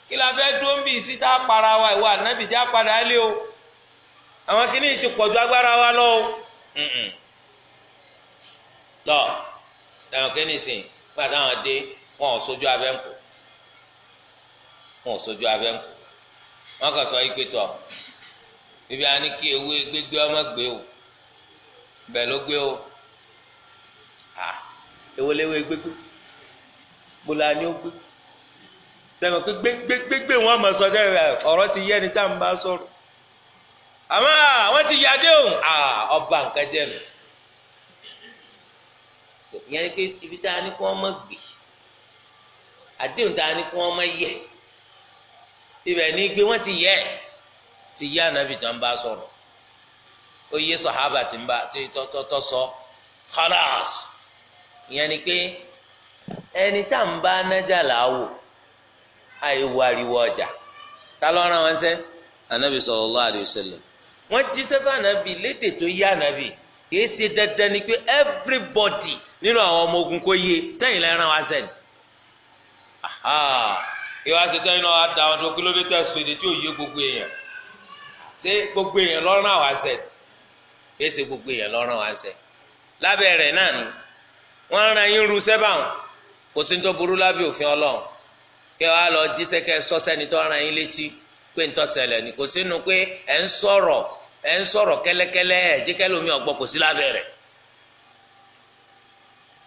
kí la fẹ́ dúró ń bì í sí tá a para wa ìwà ànábì já padà lé o àwọn kìíní ti pọ̀ ju agbára wa lọ o tọ́ àwọn kìíní sìn gbàdá àwọn dé wọn ò sójú abẹ́ ń kù wọn ò sojú abẹ ń kú wọn kàn sọ ipe tọ bíbí a ní kí ewé gbégbé ọmọ gbé o bẹ́ẹ̀ ló gbé o à ewé léwé gbégbé gbólà ni ó gbé sẹ́wọ̀n pé gbégbégbé wọn mọ̀ sọ sẹ́wọ̀n ọ̀rọ̀ ti yẹ ni tá à ń bá sọ̀rọ̀ àmọ́ àwọn ti yá déhùn ọba nǹkan jẹ́ nu ìyẹn ni pé ibi tá a ní kí wọ́n mọ̀ gbé àdéhùn tá a ní kí wọ́n mọ̀ yẹ ibẹ̀ ní gbé wọ́n ti yẹ ti yá ànábì tó ń bá sọ̀rọ̀ ó yé sọ̀hábà tí ń bá tọ́tọ́tọ́ sọ khalas ìyẹn ni pé ẹni tá à ń bá nájà làá wò àìwò ariwo ọjà ta ló rán wọn ṣẹ́ anabi sallallahu alaihi wasallam wọ́n jíṣẹ́ fún anabi lédè tó yé anabi kì í ṣe dandan ni pé everybody nínú àwọn ọmọ ogun kò yé sẹ́yìn lẹ́ràn wá sẹ́ni ìwà ṣètò iná àdá àwọn tó kílódé tó ẹ̀sùn èdè tí ò yé gbogbo èèyàn ṣé gbogbo èèyàn lọ́rùn àwọn àṣẹ kìí ṣe gbogbo èèyàn lọ́rùn àwọn àṣẹ lábẹ́ rẹ̀ náà ni wọ́n ran yín ru sẹ́bà kò sí ní tó burú lábẹ́ òfin ọlọ́run kẹ wàá lọ jíṣẹ́ kẹ sọ sẹ́ni tó rán yín létí pé ń tọ́sẹ̀lẹ̀ ni kò sínú pé ẹ̀ ń sọ̀rọ̀ ẹ̀ ń sọ̀rọ̀ kẹ́lẹ́kẹ́lẹ́ ẹ̀ jí kẹ́lómi ọ̀gbọ́ kò sí lábẹ́ rẹ̀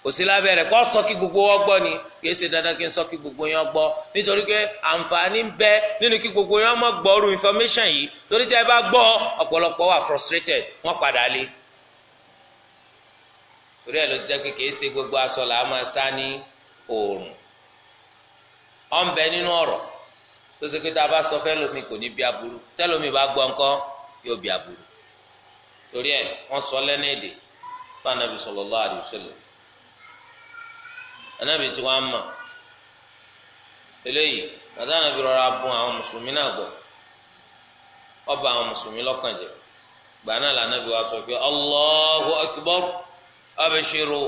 kò sí lábẹ́ rẹ̀ kí gbogbo wọn ni kìí ṣe dandan kí n sọ kí gbogbo yẹn gbọ́ nítorí pé àǹfààní ń bẹ nínú kí gbogbo yẹn mọ̀ gbọ́rù information yìí torí ẹ ọ̀nbẹ nínú ọ̀rọ̀ tó ṣe pé tá a bá sọ fẹ́ lómi kò ní bí aburú tẹ́lómi bá gbọ́ nǹkan yóò bí aburú torí ẹ̀ wọ́n sọ lẹ́nu èdè fún anabi sallallahu alaihi wasallam anabi tí wọ́n á eléyìí bàtà anabi rọra bùn àwọn mùsùlùmí náà gbọ́ ọba àwọn mùsùlùmí lọ́kàn jẹ́ gbà náà là anabi wa sọ pé Allahu akbar abashiru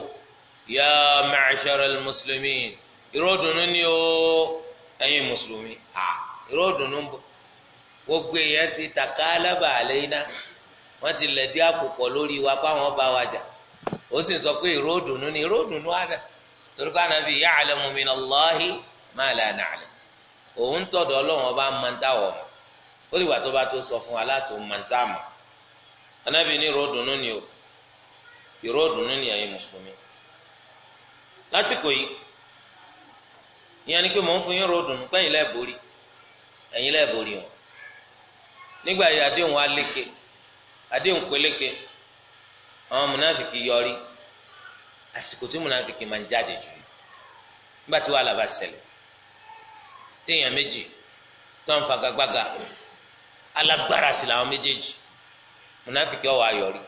ya ma'shara muslimin ìró ni ó ẹ̀yin mùsùlùmí à ìró ìdùnnú gbogbo èèyàn ti taka alaba àlẹ́ wọn ti lẹ̀dí àpòpọ̀ lórí wa báwọn bá wa jà ó sì sọ pé ìró ni ìró ìdùnnú torí ká nàbí ya'lamu o ma la na'lam òun ọba máa ń ó lè ni o ni mùsùlùmí ìyẹn ni pé mò ń fún yín ròdùn pé ẹ̀yin lẹ́ẹ̀ borí ẹ̀yin lẹ́ẹ̀ borí wọn nígbà yìí àdéhùn wa léke àdéhùn peléke àwọn múnáfìkì yọrí àsìkò tí múnáfìkì máa ń jáde jù nígbà tí wàhálà bá ṣẹlẹ̀ téèyàn méjì tó ń fagagbága alágbára sí làwọn méjèèjì múnáfìkì ọwọ́ ayọ̀rí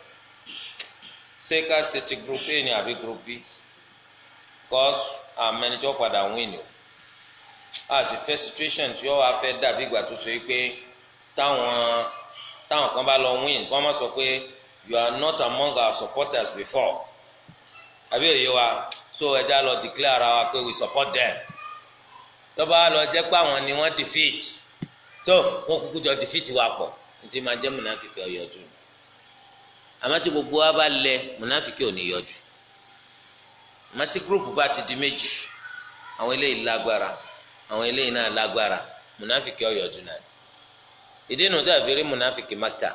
ṣé ká ṣe ti group a ní àbí group b cause àmẹnijọ́ padà wíìnì o a sì situation tí ó wá fẹ́ dàbí ìgbà tó so yìí pé táwọn táwọn kan bá lọ win kí wọ́n má sọ pé you are not among our supporters before àbí òye wa so ẹja lọ declare ara wa pé we support them tọ́ba lọ jẹ́ pé àwọn ni wọ́n defeat so wọ́n kúkú jọ defeat wa pọ̀ ntí máa jẹ́ múnafìkì ọ̀yọ́jú àmọ́ tí gbogbo wa bá lẹ múnafìkì ò ní yọjú àmọ́ tí gúrùpù bá ti di méjì àwọn eléyìí lágbára àwọn eléyìí náà lágbára munafiki ọyọjú náà ìdí inú tó àfihàn munafiki maka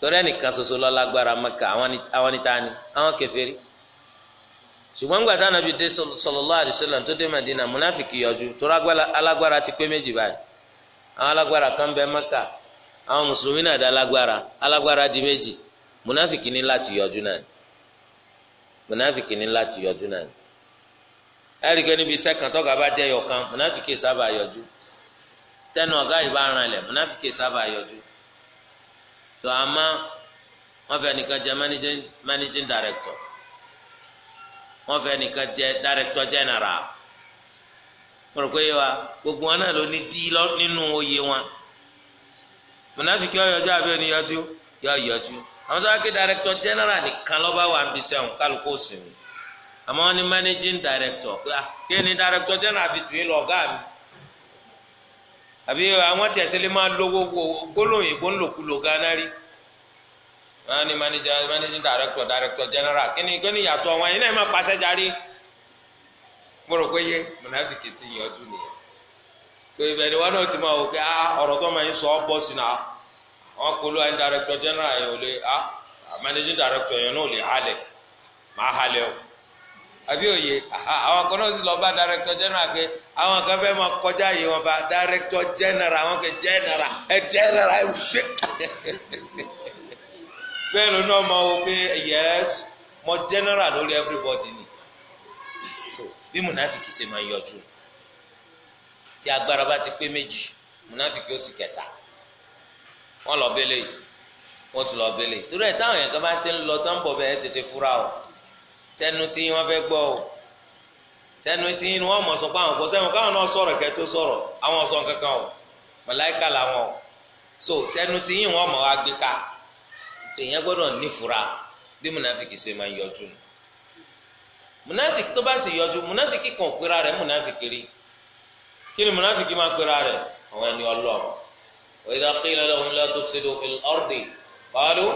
torí ẹnìkan ṣoṣo ló lágbára maka àwọn níta ni àwọn kèfèrí ṣùgbọ́n gbà tá nàbí dé sallallahu alaihi tó dé Madina munafiki yọjú torí alágbára ti pé méjì báyìí àwọn alágbára kan bẹ maka àwọn mùsùlùmí náà dá alágbára alágbára di méjì munafiki ní láti yọjú náà munafiki ní láti yọjú náà ẹ̀ríkẹ́ níbi iṣẹ́ kan tọ́gà bá jẹ́ yọkan múnáfìkì sábà yọjú tẹnu ọ̀gá yìí bá ran ilẹ̀ múnáfìkì sábà yọjú tó a má wọ́n fẹ́ nìkan jẹ́ managing director wọ́n fẹ́ nìkan jẹ́ director general mo rò pé yé wa gbogbo wọn náà ló ní dí nínú oyè wọn múnáfìkì ọ̀yọ́jú àbí oníyọ́jú yọ̀ yọjú àwọn tó wá ké director general nìkan lọ́ba wà ń bisẹ́ òun kálukú òsì àmọ́ managing director ah, ni director general fi tùyín lọ ọ̀gá mi àbí àwọn tí ẹ̀sẹ̀ lè máa lówó gbólóhùn ìbò ńlòkulò gánà rí wọ́n ní managing director director general kí ni kí ni ìyàtọ̀ wọn yìí náà máa pàṣẹ járí mo rò pé yé so ni wọn náà ti máa wò pé ah, sọ ọ sí náà wọn director general yẹn ah managing director yẹn àbí òye àwọn kan náà sì lọ bá director general pé àwọn kan fẹ́ máa kọjá yìí wọn bá director general àwọn kan general ẹ general ẹ wùdí. bẹ́ẹ̀ ló náà mọ̀ wọ́n pé yes mo general lórí everybody ni so bí munafiki ṣe máa yọjú tí agbára bá ti pé méjì munafiki ó sì kẹta wọn lọ bẹ́lẹ̀ wọn ti lọ bẹ́lẹ̀ torí ẹ̀ táwọn yẹn kan bá ti ń lọ tó ń bọ̀ tètè fura o tẹnu tí wọ́n fẹ́ gbọ́ o tẹnu tí wọ́n mọ̀ sọ pé àwọn kò sẹ́wọ̀n káwọn náà sọ̀rọ̀ kẹ́ tó àwọn ọ̀sán kankan o màláìka làwọn o so tẹnu tí wọ́n mọ̀ wá gbé ká èèyàn gbọ́dọ̀ nífura bí munafiki ṣe máa yọjú nù munafiki tó bá sì yọjú munafiki kan pera rẹ̀ munafiki rí kí ni munafiki máa pera rẹ̀ àwọn ẹni ọlọ́run wa idha qila lahum la tufsidu fil ardi qalu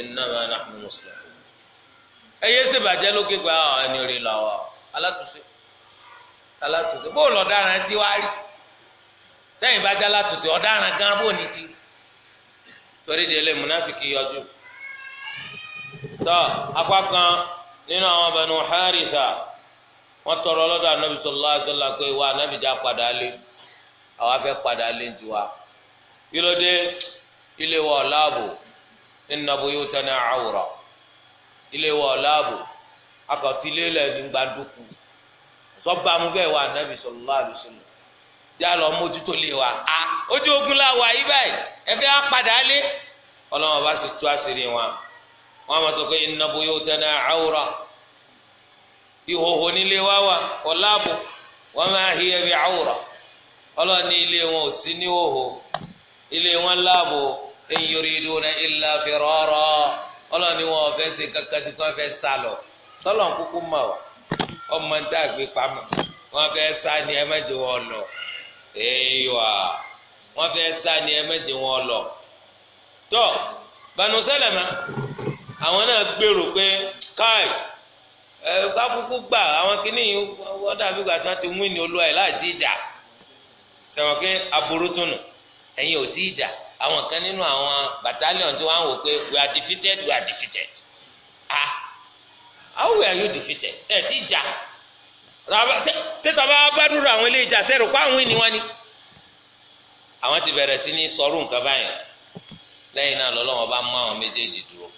innama nahnu muslimun ẹyẹ ṣe bàjẹ́ ló gbégbá ah, ẹni rè lọ́wọ́ alatusi alátùsí bó lọ́daràn tí wàá rí tẹ́yìn bá já alátùsí ọ̀daràn gan bó ní ti torí de lè múnáfìkì yọjú tọ́ apá nínú àwọn Banu Haritha tọrọ lọ́dọ̀ anabi sallallahu alaihi pé wa anabi já padà lé àwa wa ló dé ilé wa ilé wa ọ̀làbò akọ̀sílẹ̀ lẹ́nu gbàdúkú sọ́ba wa anabi sallallahu alaihi lọ lé wa a ojú ogun la wà yí báyìí ẹ fẹ́ padà lé ọlọ́wọ́n bá sì tú àṣírí wọn wọn sọ pé inna buyutana awra ìhòhò nílé wa wà ọ̀làbò wa ọlọ́ọ̀ni wọn ò sí níhòhò ilé wọn láàbò ọlọ́ni wọn ọ̀fẹ́ ṣe kankan tí wọ́n fẹ́ sá lọ tọ́lọ̀ ń kúkú mọ̀ wá ọmọ ń tà gbé pamọ́ wọ́n fẹ́ sá ni ẹ mẹ́jẹ wọn lọ èèwà wọ́n fẹ́ sá ni ẹ mẹ́jẹ wọn lọ. tọ́ Banu Salama àwọn náà gbèrò pé káì ẹ kákúkú gbà àwọn kìnnìún wọ́n dàbí ìgbà tí wọ́n ti mú ìní olú ẹ̀ láì tí ì jà sẹ̀wọ̀n pé aburú túnú ẹ̀yin ò tí ì àwọn kan nínú àwọn battalion tí wọ́n á wò pé we are defeated we are defeated ah how were you defeated ẹ ti jà ṣé tàbá bá dúró àwọn ilé ìjà sẹ́rù pa àwọn ènìyàn ni àwọn ti bẹ̀rẹ̀ sí ní sọrú nǹkan báyìí lẹ́yìn náà lọ́lọ́wọ́n bá mú àwọn méjèèjì dúró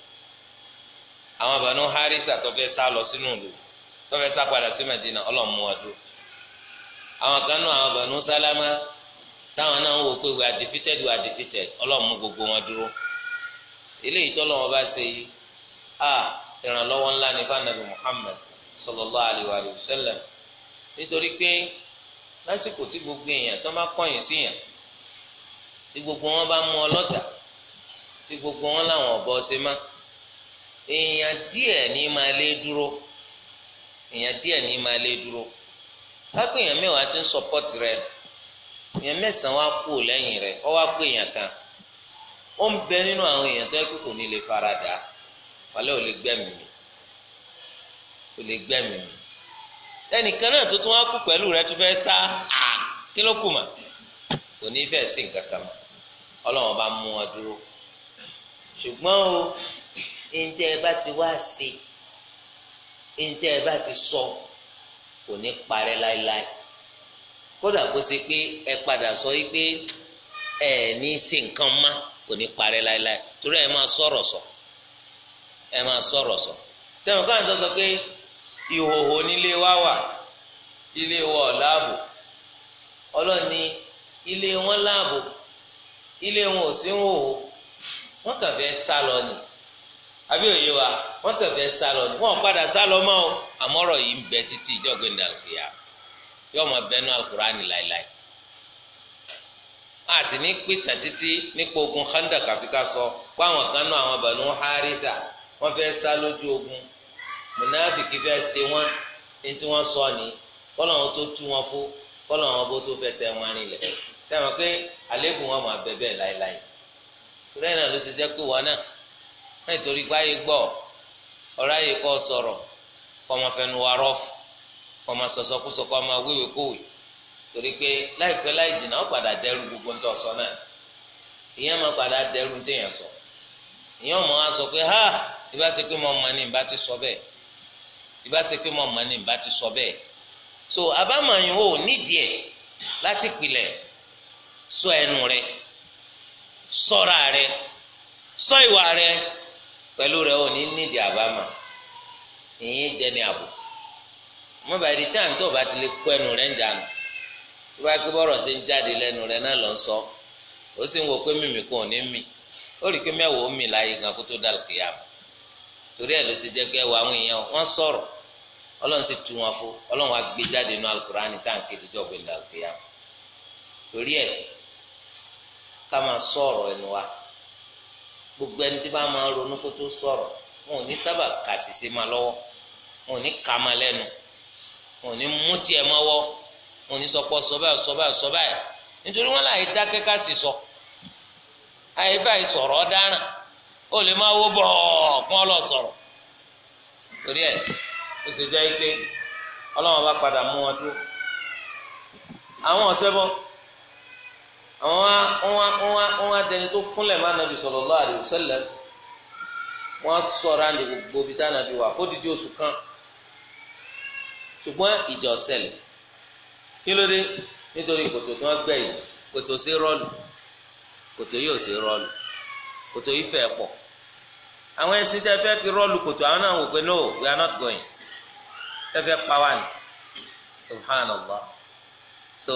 àwọn àbànú haritha tó fẹ́ sá lọ sínú ìlú tó fẹ́ sá padà sí Mẹ́dínà ọlọ́mú wọn dúró àwọn kan náà àwọn àbànú sálámà táwọn náà ń wò pé we are defeated we are defeated ọlọ́run mú gbogbo wọn dúró eléyìí tó lọ́wọ́ bá ṣe yìí a ìrànlọ́wọ́ ńlá ní fanabi Muhammad sallallahu alayhi wa sallam nítorí pé lásìkò tí gbogbo èèyàn tó bá kọ̀yìn sí yàn tí gbogbo wọn bá mú ọ lọ́tà tí gbogbo wọn làwọn ọ̀bọ ṣe má èèyàn díẹ̀ ní máa lé dúró èèyàn díẹ̀ ní máa lé dúró lápèèyàn mẹ́wàá ti ń sọpọ́tì rẹ̀ nù èèyàn mẹ́sàn-án wá kú lẹ́yìn rẹ̀ ọ wá kú èèyàn kan ó ń bẹ nínú àwọn èèyàn tó yẹ kó kò ní lè faradà wàlẹ́ ò lè gbẹ́mìí mi ò lè gbẹ́mìí mi ẹnìkan náà tó tún wá kú pẹ̀lú rẹ̀ tó fẹ́ sá à kí ló kù mà kò ní fẹ́ sí nǹkan kan ọlọ́wọ́n bá mú wọn dúró ṣùgbọ́n o ǹjẹ́ ẹ bá ti wá sí ǹjẹ́ ẹ bá ti sọ kò ní parẹ́ láéláé. kódà kó ṣe pé ẹ padà sọ yìí pé ẹ ní ṣe nǹkan má kò ní parẹ́ láéláé torí ẹ máa sọ̀rọ̀ sọ ẹ máa sọ̀rọ̀ sọ sẹ́wọ̀n káwọn tó sọ pé ìhòhò nílé wa wà ilé wa ọ̀ láàbò ọlọ́ni ilé wọn láàbò ilé wọn ò sí ń wọn kàn fẹ́ sá lọ ni àbí òye wa wọn kàn fẹ́ sá lọ ni wọn padà sá lọ mọ́ ọ àmọ́rọ̀ yìí ń bẹ títí ìjọba ìdàlùkìyà. yóò máa bẹnu alukurani láéláé a sì ní pìtàn títí nípa ogun Khandaq àfi ká sọ pé àwọn kan náà àwọn Banu Haritha wọ́n fẹ́ sá lójú ogun mùnáfìkì fẹ́ ṣe wọ́n ní tí wọ́n sọ ni kọ́nà wọn tó tú wọn fún kọ́nà wọn bó tó fẹsẹ̀ wọn rinlẹ̀ sẹ́wọ̀n pé àléébù wọn máa bẹ bẹ́ẹ̀ láéláé torí ẹ̀ náà ló ṣe jẹ́ pé wọn náà wọ́n ìtorí gbáyé gbọ́ ọ̀rá yìí kọ́ sọ̀rọ̀ kọ́ ọmọ wa rọ́ọ̀fù kọ́ máa kó sọ kọ́ máa wéwèé torí pé láì jìnnà ó padà dẹrù gbogbo ntọ́ ọsọ náà ìyẹn máa padà dẹrù téèyàn sọ ìyẹn ọmọ wa sọ pé ha ìbá ṣe pé mo ni ìbá ti sọ bẹ́ẹ̀ ìbá ṣe pé mo ni ìbá ti sọ bẹ́ẹ̀ so o nídìí láti sọ ẹnu rẹ rẹ sọ ìwà rẹ rẹ o ní nídìí ìyẹn ní mo by the time tó o bá ti lè kó ẹnu rẹ ń jànú tó bá gbé bọ́rọ̀ sí ń jáde lẹ́nu rẹ náà lọ sọ ó sì ń wo pé mímì kò ní mì ó rí i pé mẹ́wàá ó láàyè gan kó tó dà mọ́ torí ẹ̀ ló ṣe jẹ́ pé àwọn wa gbogbo ẹni tí bá máa ronú kó tó sọ̀rọ̀ wọn ò ní sábà kà sí sí máa lọ́wọ́ òní mú tiẹ̀ mọ́wọ́ òní sọpọ̀ sọ báyìí sọba báyìí sọba báyìí nítorí wọn láì dákẹ́ ká sì sọ àyè báyìí sọ̀rọ̀ ọ̀daràn ó lè máa wó bọ̀ ọ̀kan lọ torí ẹ̀ ó sì jẹ́ pé ọlọ́run bá padà mú wọn dúró àwọn ọ̀sẹ́ bọ́ àwọn adẹni tó fúnlẹ̀ gbogbo tá nàbì wà fódìdí oṣù kan. ṣùgbọ́n ìjà ọ̀sẹ̀lẹ̀ kí ló dé nítorí kòtò tí wọ́n gbẹ́ yìí kòtò ṣe rọ́ọ̀lù kòtò yìí ò ṣe rọ́ọ̀lù kòtò yìí fẹ́ pọ̀ àwọn ẹṣin tẹ́ fẹ́ fi rọ́ọ̀lù kòtò àwọn náà wò pé no we are not going tẹ́ fẹ́ pa wá ní subhanallah so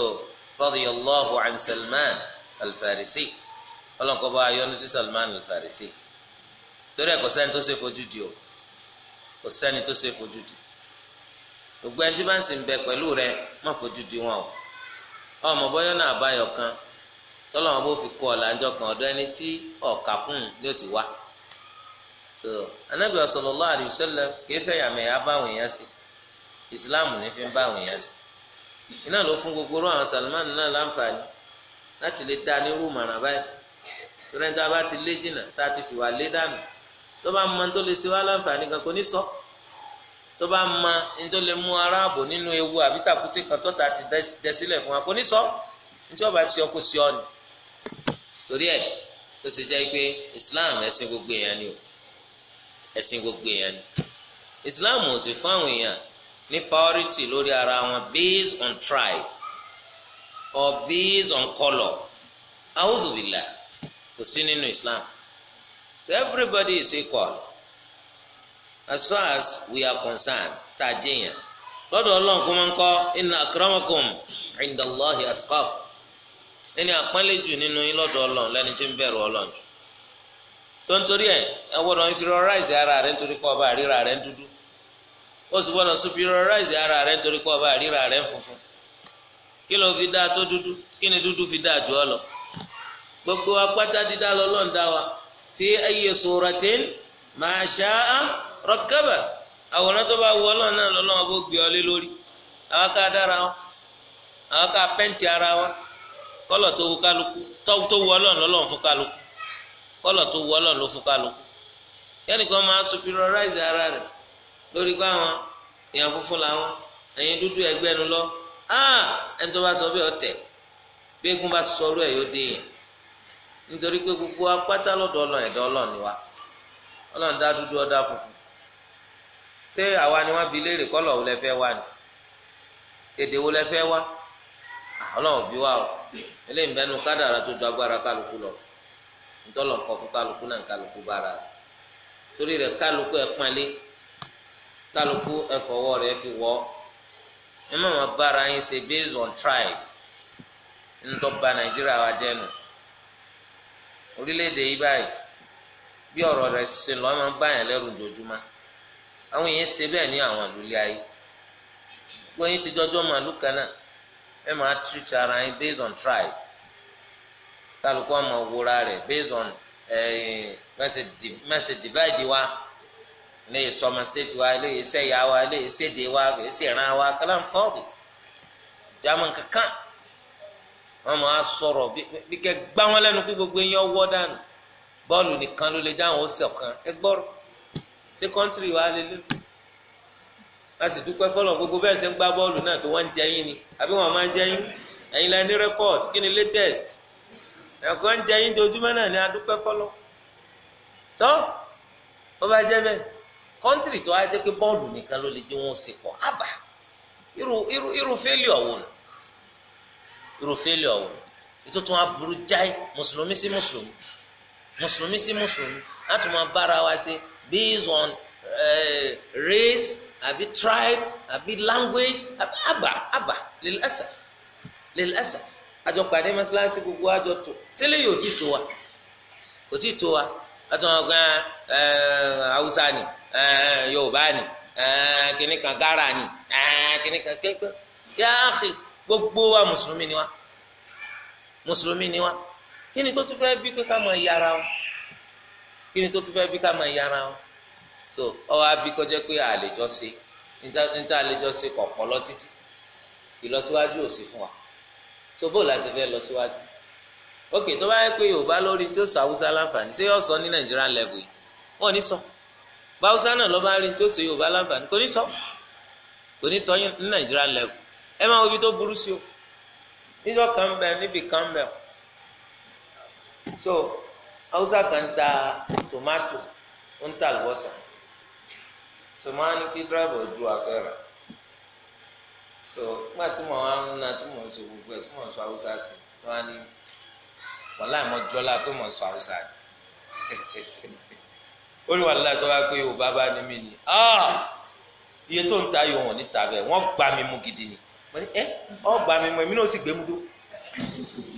radiyallahu an salman al-farisi ọlọ́nkọ́ bá yọ́nú sí salman al-farisi torí ẹ̀kọ́ sẹ́ni tó ṣe fojú di o kò sẹ́ni tó ṣe fojú di gbogbo ẹni tí bá ń sìn bẹ pẹ̀lú rẹ má fojú di wọn o ọmọ bọ́yọ́ náà báyọ̀ kan bó fi kọ́ njọ kan ọ̀dọ̀ ẹni tí ọ̀kàkùn ni ó ti wá so anabi sallallahu alaihi wasallam kìí fẹ́ yàmẹ̀yà báwọn èèyàn sí islam ní fi ń báwọn èèyàn sí iná ló fún gbogbo rú àwọn Salman náà láǹfààní láti lè dá nírú báyìí bá ti lé jìnnà tá a ti fìwà lé dànù tó bá mọ tó wá láǹfààní tó bá ma ní tó lè mú aráàbò nínú ewu àbí tàkúté kan tó ta ti dẹ sílẹ̀ fún wa kò ní sọ ní tí wọ́n bá sí ọ kó sí ọ ni torí ẹ̀ tó ṣe jẹ́ pé Islam ẹ̀sìn gbogbo èèyàn ni o ẹ̀sìn gbogbo èèyàn ni Islam ò sì fún àwọn èèyàn ní priority lórí ara wọn based on tribe or based on colour awúdùbìlà kò sí nínú Islam so everybody is equal. as far as we are concerned tá a jẹyàn lọ́dọ̀ na kó máa ń kọ inna akramakum indallahi atqakum ẹni àpọ́nlé jù nínú yín lọ́dọ̀ Ọlọ́run lẹ́ni tí ń bẹ̀rù Ọlọ́run jù tó ń torí ẹ ẹ inferiorize ara rẹ nítorí kọ ọba àríra rẹ ń dúdú ó sì gbọ́dọ̀ superiorize ara rẹ nítorí kọ ọba àríra rẹ ń funfun kí ló fi dáa tó dúdú kí ni dúdú fi jù ọ lọ gbogbo apáta dídá lọ wa fi sha'a. rọkẹbà àwòrán tó bá wọ Ọlọ́run náà lọ́lọ́run bó gbé ọ lé lórí àwọn ká dára wọn àwọn ká pẹǹtì ara wọn kọlọ tó wù kálukú tó wù Ọlọ́run fún kálukú kọlọ tó superiorize ara rẹ lórí pé àwọn èèyàn funfun làwọn ẹyin dúdú ẹgbẹ nu lọ ẹni tó bá sọ bí ọtẹ bí egun bá ẹ yóò dé yẹn nítorí pé gbogbo apátá wa dá dúdú ṣé àwa ni wọ́n fi léèrè kọlọ wo lẹ fẹ́ ni èdè wo wá bí wa o eléyìí bẹnu kádàrà tó ju agbára kálukú lọ ntọ́lọ̀ fún kálukú náà kálukú bára torí rẹ kálukú ẹ kálukú ẹ fọwọ́ fi wọ́ ẹ wọn bára yín ṣe based wa jẹ́ nu orílẹ̀-èdè yìí báyìí bí ọ̀rọ̀ ti ṣe àwọn èèyàn ṣe bẹ́ẹ̀ ní àwọn ìlúlé ayé gbóyin ti jọjọ́ ma kan náà ẹ máa treat ara yín based on tribe kálukú ọmọ wúra rẹ based on mẹsẹ̀ eh, divide wa eléyìí sọmọ state wa wa eléyìí séde wa wa kálá ń fọ́ọ̀bù jámọ̀ kankan wọ́n máa sọ̀rọ̀ bí kẹ́ gbá wọn gbogbo yín ọwọ́ dànù nìkan ló lè dáhùn ó ẹ ṣé kọ́ńtìrì wa lélẹ́ a sì dúpẹ́ fọlọ́ gbogbo bẹ́ẹ̀ ṣe ń gbá bọ́ọ̀lù náà tó wọ́n ń jẹ yín ni àbí wọ́n máa ń jẹ yín la ní rẹ́kọ̀d kí ni latest ẹ̀kọ́ ń jẹ yín dojúmọ́ náà ni a dúpẹ́ fọlọ́ tọ́ ó bá jẹ́ bẹ́ẹ̀ kọ́ńtìrì tó wáá jẹ́ pé bọ́ọ̀lù nìkan ló lè jẹ́ wọn ò sì pọ̀ àbá irú irú irú fẹ́lì ọ̀wọ̀ nù irú fẹ́lì ọ̀wọ̀ nù ètò tó wọn burú jáì mùsùlùmí sí mùsùlùmí mùsùlùmí sí mùsùlùmí láti bára wa ṣe based on uh, race àbí tribe àbí language àbí àbà àbà lil asaf lil asaf àjọ pàdé mọ́sálásí gbogbo àjọ tó sílẹ̀ yóò ti tó wa kò tí tó wa látọ̀ wọn gan Hausa ni Yorùbá ni kìnnì kan gara ni kìnnì kan kékeré gbogbo wa mùsùlùmí ni wa mùsùlùmí ni wa kí ni tó tún fẹ́ bí pé ká mọ̀ iyàrá wọn kí ni tó tún fẹ́ bí ká máa yára wọn so ọwọ́ abí kọjá pé àlejò ṣe níta àlejò ṣe kọ̀pọ̀ lọ títí ìlọsíwájú ò sí fún wa so bó la ṣe fẹ́ lọ síwájú ok tó bá yẹ pé yorùbá lórí tí ó sọ haúsá láǹfààní ṣé yóò sọ ní nàìjíríà lẹ́bù yìí wọn ò ní sọ báwùsá náà lọ́ba rí tí ó sọ yorùbá láǹfààní kò ní sọ kò ní sọ ní nàìjíríà lẹ́bù ẹ máa wo ibi tó burú sí o níjọ́ kan bẹ̀ níbi kan bẹ̀ so haúsá kan ń ta tòmátò ó ń ta àlùbọ́sà tòmánì kí dírẹ́bù ojú afẹ́ rà so nígbà tí mo wá ń na tí mo ń sọ gbogbo ẹ̀ tí mo sọ haúsá sí i wọ́n á ní wàhálà ìmọ̀jọ́lá pé mo sọ haúsá ni <laughs> ó ní wàhálà tó bá pé yorùbá bá ní mí ni ah! iye tó ń ta yòó wọn níta bẹ́ẹ̀ wọ́n gbà mí mú gidi ni mo ní ẹ eh, ọ gbà mí mú èmi náà sì gbé mú dó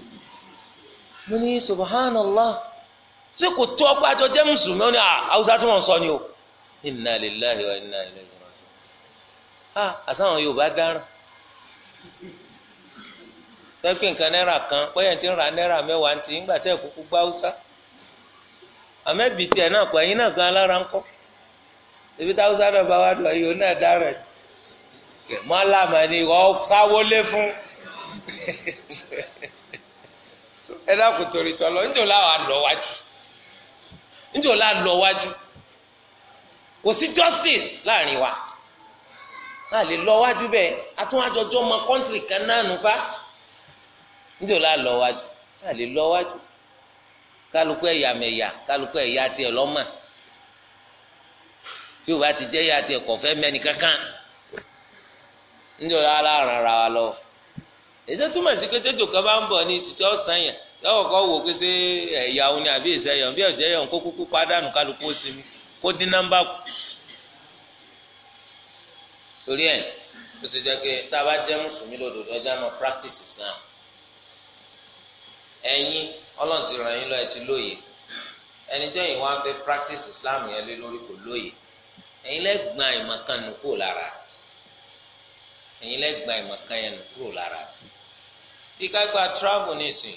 <laughs> mo ní subhanallah. tí kò tó ọgbà àjọ jẹ́ mùsùlùmí ó àwùjọ tí wọ́n sọ ni o inna lillahi ah, àsáwọn yorùbá dáràn nǹkan náírà kan pẹ́yẹ́ ti ń ra náírà mẹ́wàá ti ń tẹ́ kúkú gbá gan alára ń kọ́ ibi tí haúsá náà bá wà lọ yìí ó náà dáràn fún <laughs> níjẹ́ la lọ wájú kò sí justice láàrin wa a lè lọ wájú bẹ́ẹ̀ atúnwájọjọ́ ọmọ kọ́ńtìrì kan náà nù fa níjẹ́ ọ̀la lọ wájú a lè lọ wájú kálukú ẹ̀yà mẹ̀yà kálukú ẹ̀yà tiẹ̀ lọ́mọ tí o bá ti jẹ́ ẹ̀yà tiẹ̀ kọ̀ fẹ́ kankan níjẹ́ ọ̀la ara ràn wa lọ ètò túmọ̀ sí pé tẹ́jọ́ kan bá ń bọ̀ ní ìsìtì ọ̀sán yẹn lọ́wọ́ kọ́ wò pé ṣé ẹ̀yà òun ni àbí ìṣe ẹ̀yà bí ọ̀jẹ̀ ẹ̀yà kó kúkú pàdánù kálukú ó sinmi kó dín nọ́mbà kù. practice Islam ẹyin ọlọ́run ti ràn lọ ẹ ti lóye ẹni jẹ practice Islam yẹn lé lórí kò lóye nù kúrò lára yẹn nù kúrò travel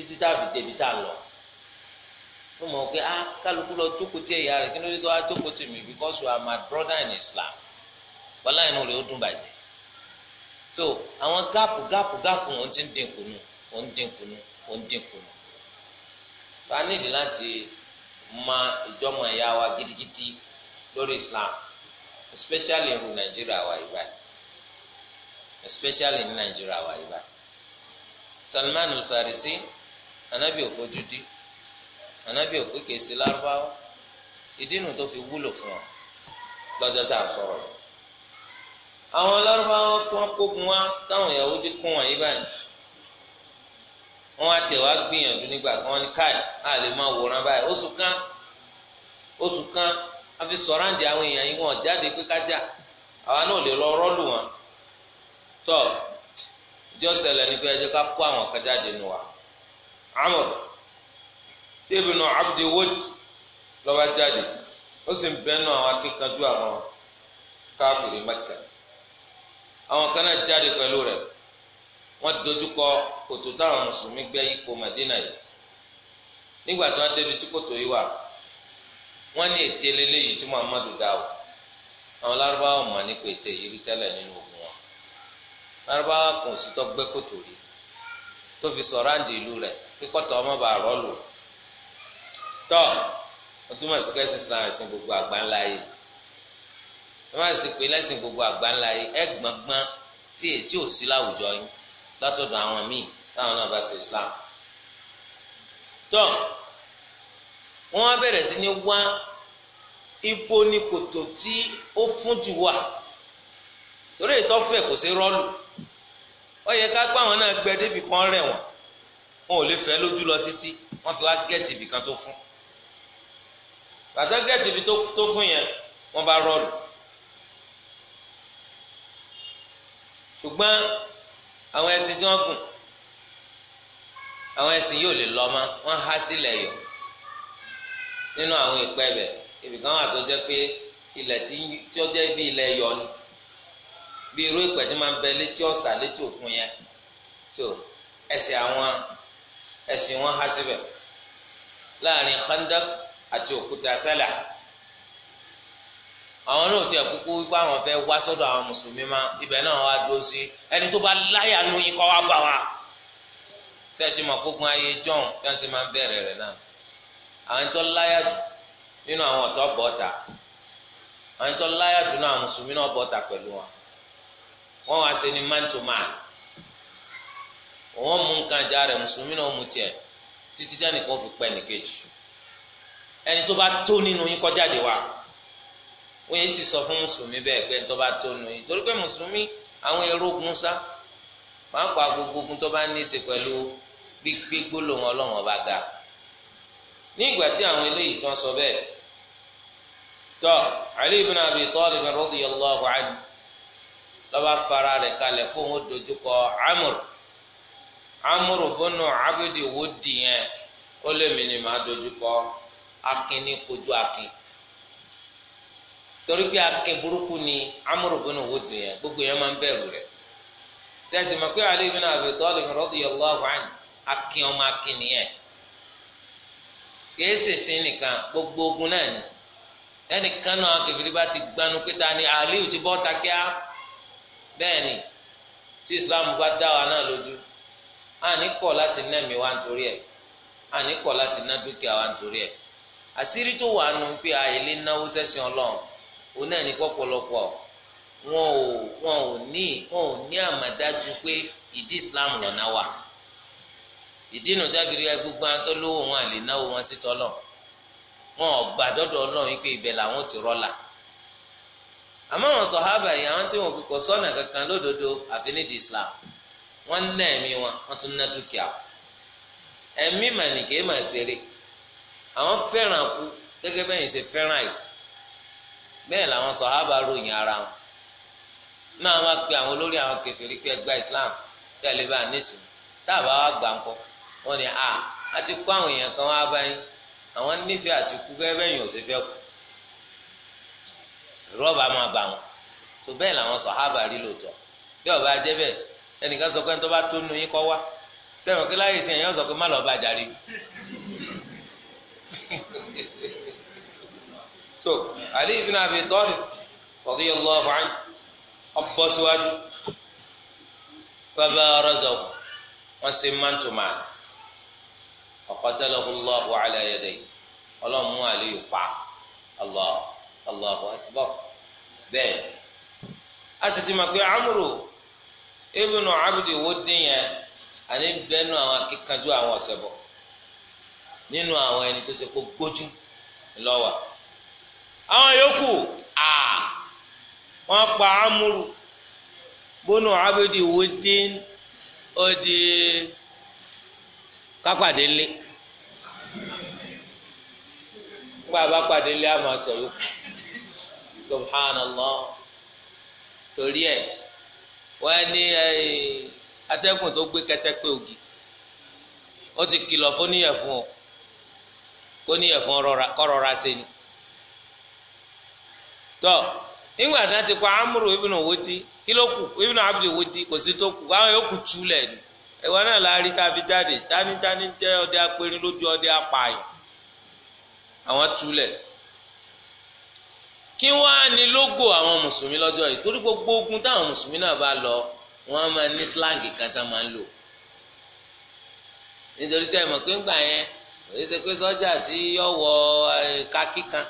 títí tá a fi débi tá a lọ ó mọ̀ pé ah kálukú lọ jókòó tí ẹ̀yà rẹ̀ kí ló dé tó wá jókòó tì mí because you are my brother in Islam wàhálà inú rẹ̀ ó dùn bàjẹ́ so àwọn gáàpù gáàpù gáàpù wọn ti ń dínkù nù wọn ń dínkù nù wọn ń dínkù nù so a nídìí láti mọ ìjọmọ ẹ̀yà wa gidigidi lórí Islam especially in Nigeria wa ibà especially in Nigeria wa ibà Salman al-Farisi anabi ò fojú di anabi ò pé kèsì lárúbáwá ìdínú tó fi wúlò fún ọ lọ́jọ́ tá a sọ̀rọ̀ àwọn lárúbáwá tó ń kógun wá táwọn Yahudi kún wọn yí báyìí wọn á tiẹ̀ wá gbìyànjú nígbà kan ní káì á lè máa wòran báyìí oṣù kan oṣù kan a fi sọ̀ráǹdì àwọn èèyàn yìí wọn jáde pé kájà àwa náà lè lọ rọ́ọ̀lù wọn tọ́ ìjọ́sẹ̀lẹ̀ ni pé ẹ ká kó àwọn kan jáde nù wá amr ibnu abdiwood lọ́ba jáde ó sì ń bẹ́nu àwọn akínkanjú àwọn káfìrí mẹ́kà àwọn kan náà jáde pẹ̀lú rẹ̀ wọ́n dojúkọ kòtò táwọn mùsùlùmí gbẹ́ ipò mẹ́dínà yìí nígbà tí wọ́n débi tí kòtò yìí wà wọ́n ní ète lélẹ́yìí tí muhammadu dá o àwọn lárúbáwá mọ̀ nípa ète yìí rí tẹ́lẹ̀ nínú ogun wọn lárúbáwá kan sí tọ́gbẹ́ kòtò rí tó fi sọ̀rọ̀ àǹdí ìlú rẹ̀ pé kọ́tọ̀ ọmọ bá rọ́ lò tọ́ wọ́n túmọ̀ sí pé ẹ̀sìn Islam ẹ̀sìn gbogbo àgbá ńlá yìí wọ́n máa sì pé lẹ́sìn gbogbo àgbá ńlá yìí ẹ̀ gbọ̀ngbọ́n tí ètí ò sí láwùjọ yín látọ̀dọ̀ àwọn míì táwọn náà bá ṣe Islam tọ́ wọ́n á bẹ̀rẹ̀ sí ní wá ibo ni kòtò tí ó fún jù wà torí ìtọ́fẹ̀ kò sí rọ́ọ̀lù ó yẹ ká gbọ́ àwọn náà gbẹ débi kan rẹ̀ wọ́n wọn ò lè fẹ́ lójú lọ títí wọ́n fi wá gẹ̀ẹ́tì ibì kan tó fún bàtà gẹ̀ẹ́tì ibi tó fún yẹn wọ́n bá rọ́ọ̀lù ṣùgbọ́n àwọn ẹṣin tí wọ́n gùn àwọn ẹṣin yóò lè lọ ma wọ́n há sílẹ̀ yọ nínú àwọn ìpẹ́ bẹ̀ ibì kan wà tó jẹ́ pé ilẹ̀ tí ó jẹ́ bí ilẹ̀ yọ ni. bí irú ìpẹ̀tí máa ń bẹ létí ọ̀sà létí òkun yẹn tó ẹsẹ̀ àwọn ẹ̀sìn wọn há síbẹ̀ láàrin khandak àti òkúta sẹ́là àwọn náà tiẹ̀ kúkú wípé àwọn fẹ́ wá sọ́dọ̀ àwọn mùsùlùmí má ibẹ̀ náà wá dúró sí ẹni tó bá láyà nu yín kọ́ wá bá wa sẹ́ẹ̀tì mọ̀ ayé john bí wọ́n ṣe máa ń bẹ̀rẹ̀ rẹ̀ náà àwọn tó láyà jù nínú àwọn ọ̀tọ́ bọ́ta àwọn tó láyà jù náà mùsùlùmí náà bọ́ta pẹ̀lú wọn. Wọn wá se ni man to man wọ́n mú nǹkan ajá Musulmi mùsùlùmí náà mú tiẹ̀ títí jẹ́nìkan fi pẹ́ nìkejì ẹni tó bá tó nínú yín kó sì sọ fún mùsùlùmí bẹ́ẹ̀ pé ẹni tó bá tó nínú yín torí pé mùsùlùmí àwọn èrò ogun sá pa ogun tó bá ní í ṣe pẹ̀lú ọba ga ní ìgbà tí àwọn eléyìí lọba fara rẹ kalẹ̀ kó ń dojúkọ amúr amúr bọ́nà abidi wò dìyẹn ó lè mí ni màá dojúkọ akin ní kojú akin torí pé akin burúkú ni amúr bọ́nà wò dìyẹn gbogbo yẹn máa ń pé ọmọ nìyẹn kìí sèse nìkan gbogbo ogun náà ni ẹnìkan náà bá ti pé ta ni ti bọ́ bẹ́ẹ̀ ni tí islam bá dá wa náà lójú àní kọ̀ láti ná mi wá nítorí ẹ̀ àní kọ̀ láti ná dúkìá wa nítorí ẹ̀ àṣírí tó wà nù pé àìlè náwó sẹ́sìn ọlọ́run òun náà ní pọ̀pọ̀lọpọ̀ wọn ò wọn ò ní wọn ò ní àmàdájú pé ìdí islam lọ́nà wà ìdí inú jábìrì ẹ gbogbo àwọn tó lówó wọn àlè náwó wọn sí tọ́lọ̀ wọn ò gbàdọ́dọ̀ ọlọ́run pé ibẹ̀ làwọn ti rọ́là àmọ́ àwọn sọ̀hábà yìí àwọn tí wọn kò sọ́nà kankan lódodo àfi nídìí islam wọ́n ná ẹ̀mí wọn wọ́n tún ná dúkìá ẹ̀mí mànìké màá ṣeré àwọn fẹ́ràn kú gẹ́gẹ́ bẹ́ẹ̀ ṣe fẹ́ràn yìí bẹ́ẹ̀ làwọn sọ̀hábà ròyìn ara wọn náà wọ́n pe àwọn olórí àwọn kèfèrí pé ẹgbẹ́ islam tẹ́lẹ̀ bá nísìnyí táàbà wà gbà ńkọ́ wọ́n ní a àti kó àwọn èèyàn kan wá báyìí àwọn nífẹ̀ẹ́ àti kú gẹ́gẹ́ bẹ́ẹ̀ yìí ò rọba máa bà wọn tó bẹ́ẹ̀ làwọn sọ̀hábà rí lóòótọ́ bí ọba jẹ́ bẹ́ẹ̀ ẹnìkan sọ pé ẹni tó bá tó nu yín kọ́ wá kí láyé sìn ẹ̀yán sọ pé má <laughs> so Ali Allahu akbar bẹ́ẹ̀ a sì ti abdi yẹn àní bẹ́ẹ̀nu àwọn akíkanjú àwọn ọ̀sẹ̀ nínú àwọn ẹni tó ṣe kó gbójú lọ́wọ́ àwọn yòókù pa abdi owó dín ó di nígbà bá pàdé lé àmà sọ subhanallah torí ẹ wọn ní atẹ́gùn tó gbé kẹtẹ́pẹ́ ògì ó ti fún o kó níyẹ̀fun kọ́rọ̀ra ni Tọ tí ti pa amúrò ibùnà kí ló kù ibùnà abdi kò sí tó kù àwọn tú ni náà la rí àwọn túlẹ̀ kí wọ́n á ní lógo àwọn mùsùlùmí lọ́jọ́ yìí torí gbogbo ogun táwọn mùsùlùmí náà bá lọ wọ́n máa ní slang kan máa ń lò nítorí tí a mọ̀ pé ńgbà yẹn èyí ṣe pé sọ́jà tí yọ wọ kákí kan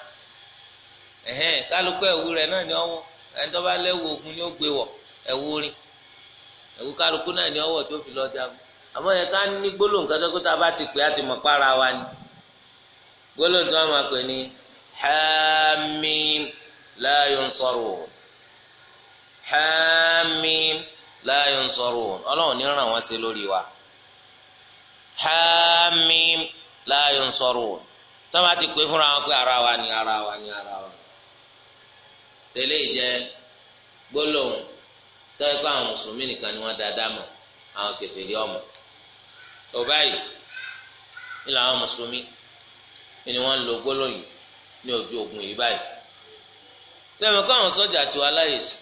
kálukú ẹ̀wù rẹ̀ náà ni ọwọ́ ẹni tó bá lẹ́wù ogun ni ó gbé wọ̀ ẹ̀wù orin ẹ̀wù kálukú náà ni ọwọ́ tó fi lọ jagun àmọ́ yẹn ká ní gbólóhùn kan tó kó tá a bá ti pè á ti mọ̀ pára wa ni gbólóhùn tí wọ́n máa pè ní hamim la yunsarun hamim la yunsarun ọlọ́run ní ràn wọ́n sí lórí wa hamim la yunsarun tó máa ti pè fúnra wọn pé ara wa ni ara wa ni ara wa tẹ́lẹ̀ jẹ́ gbólóhùn tó kó àwọn mùsùlùmí nìkan ni wọ́n dáadáa mọ̀ àwọn kèfèrí ọmọ tó báyìí làwọn mùsùlùmí ni wọ́n ń lo gbólóyìn ní ojú ogun yìí báyìí lẹ́yìn kó àwọn sọ́jà tiwa láyè sí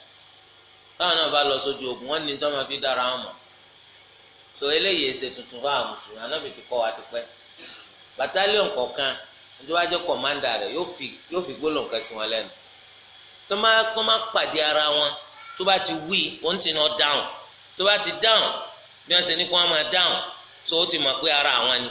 táwọn náà bá lọ sójú ogun wọ́n ní tí wọ́n máa fi dára wọn mọ̀ so eléyìí ṣe tuntun fún àwọn mùsùlùmí anábì ti kọ́ wa ti pẹ́ batalion kọ̀ọ̀kan tó bá jẹ́ kọ̀mándà rẹ̀ yóò fi gbólóhùn kan sí wọn lẹ́nu tó máa kó máa pàdé ara wọn tó bá ti wí òun ti náà dáhùn tó bá ti dáhùn bí wọ́n ṣe ní kó wọ́n máa dáhùn so ti mọ̀ pé ara àwọn ni.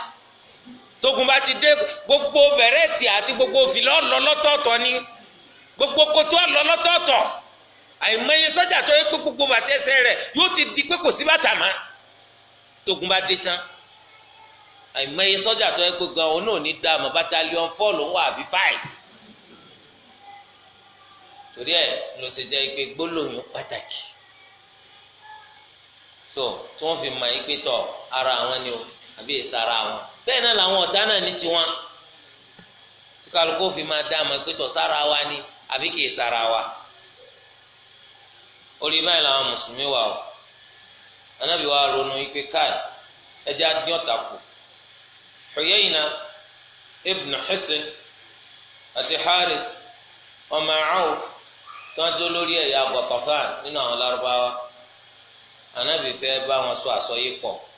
tógun bá ti dé gbogbo bẹ̀rẹ̀tì àti gbogbo fìlà ọ̀lọ́ lọ́tọ̀ọ̀tọ̀ ni gbogbo koto ọ̀lọ́ lọ́tọ̀ọ̀tọ̀ àìmọye sọ́jà tó yẹ pé gbogbo bàtà ẹsẹ̀ rẹ̀ yóò ti di pé kò sí bàtà mọ́ tógun bá dé tán àìmọye sọ́jà tó yẹ pé gan náà ní dààmú batalion four ló ń wà àbí five torí ẹ̀ ló ṣe jẹ́ pé gbólóyún pàtàkì so tí wọ́n fi mọ̀ ẹ́ pé tọ̀ ara àwọn ni o àbí ìsara wọn bẹ́ẹ̀ náà làwọn ọ̀tá náà ní tiwọn kálukó fi máa dá àmọ́ pé tọ̀sára wa ni àbí kì í sara wa orí báyìí làwọn mùsùlùmí wà o anábì wa ronú ipe káì ẹjẹ adìyàn takò Uyayna ibn Hisn àti Harith ọmọ Auf tó ń jó lórí ẹ̀yà Ghatafan nínú àwọn lárúbáwá anábì fẹ́ bá wọn sọ àsọyé pọ̀. So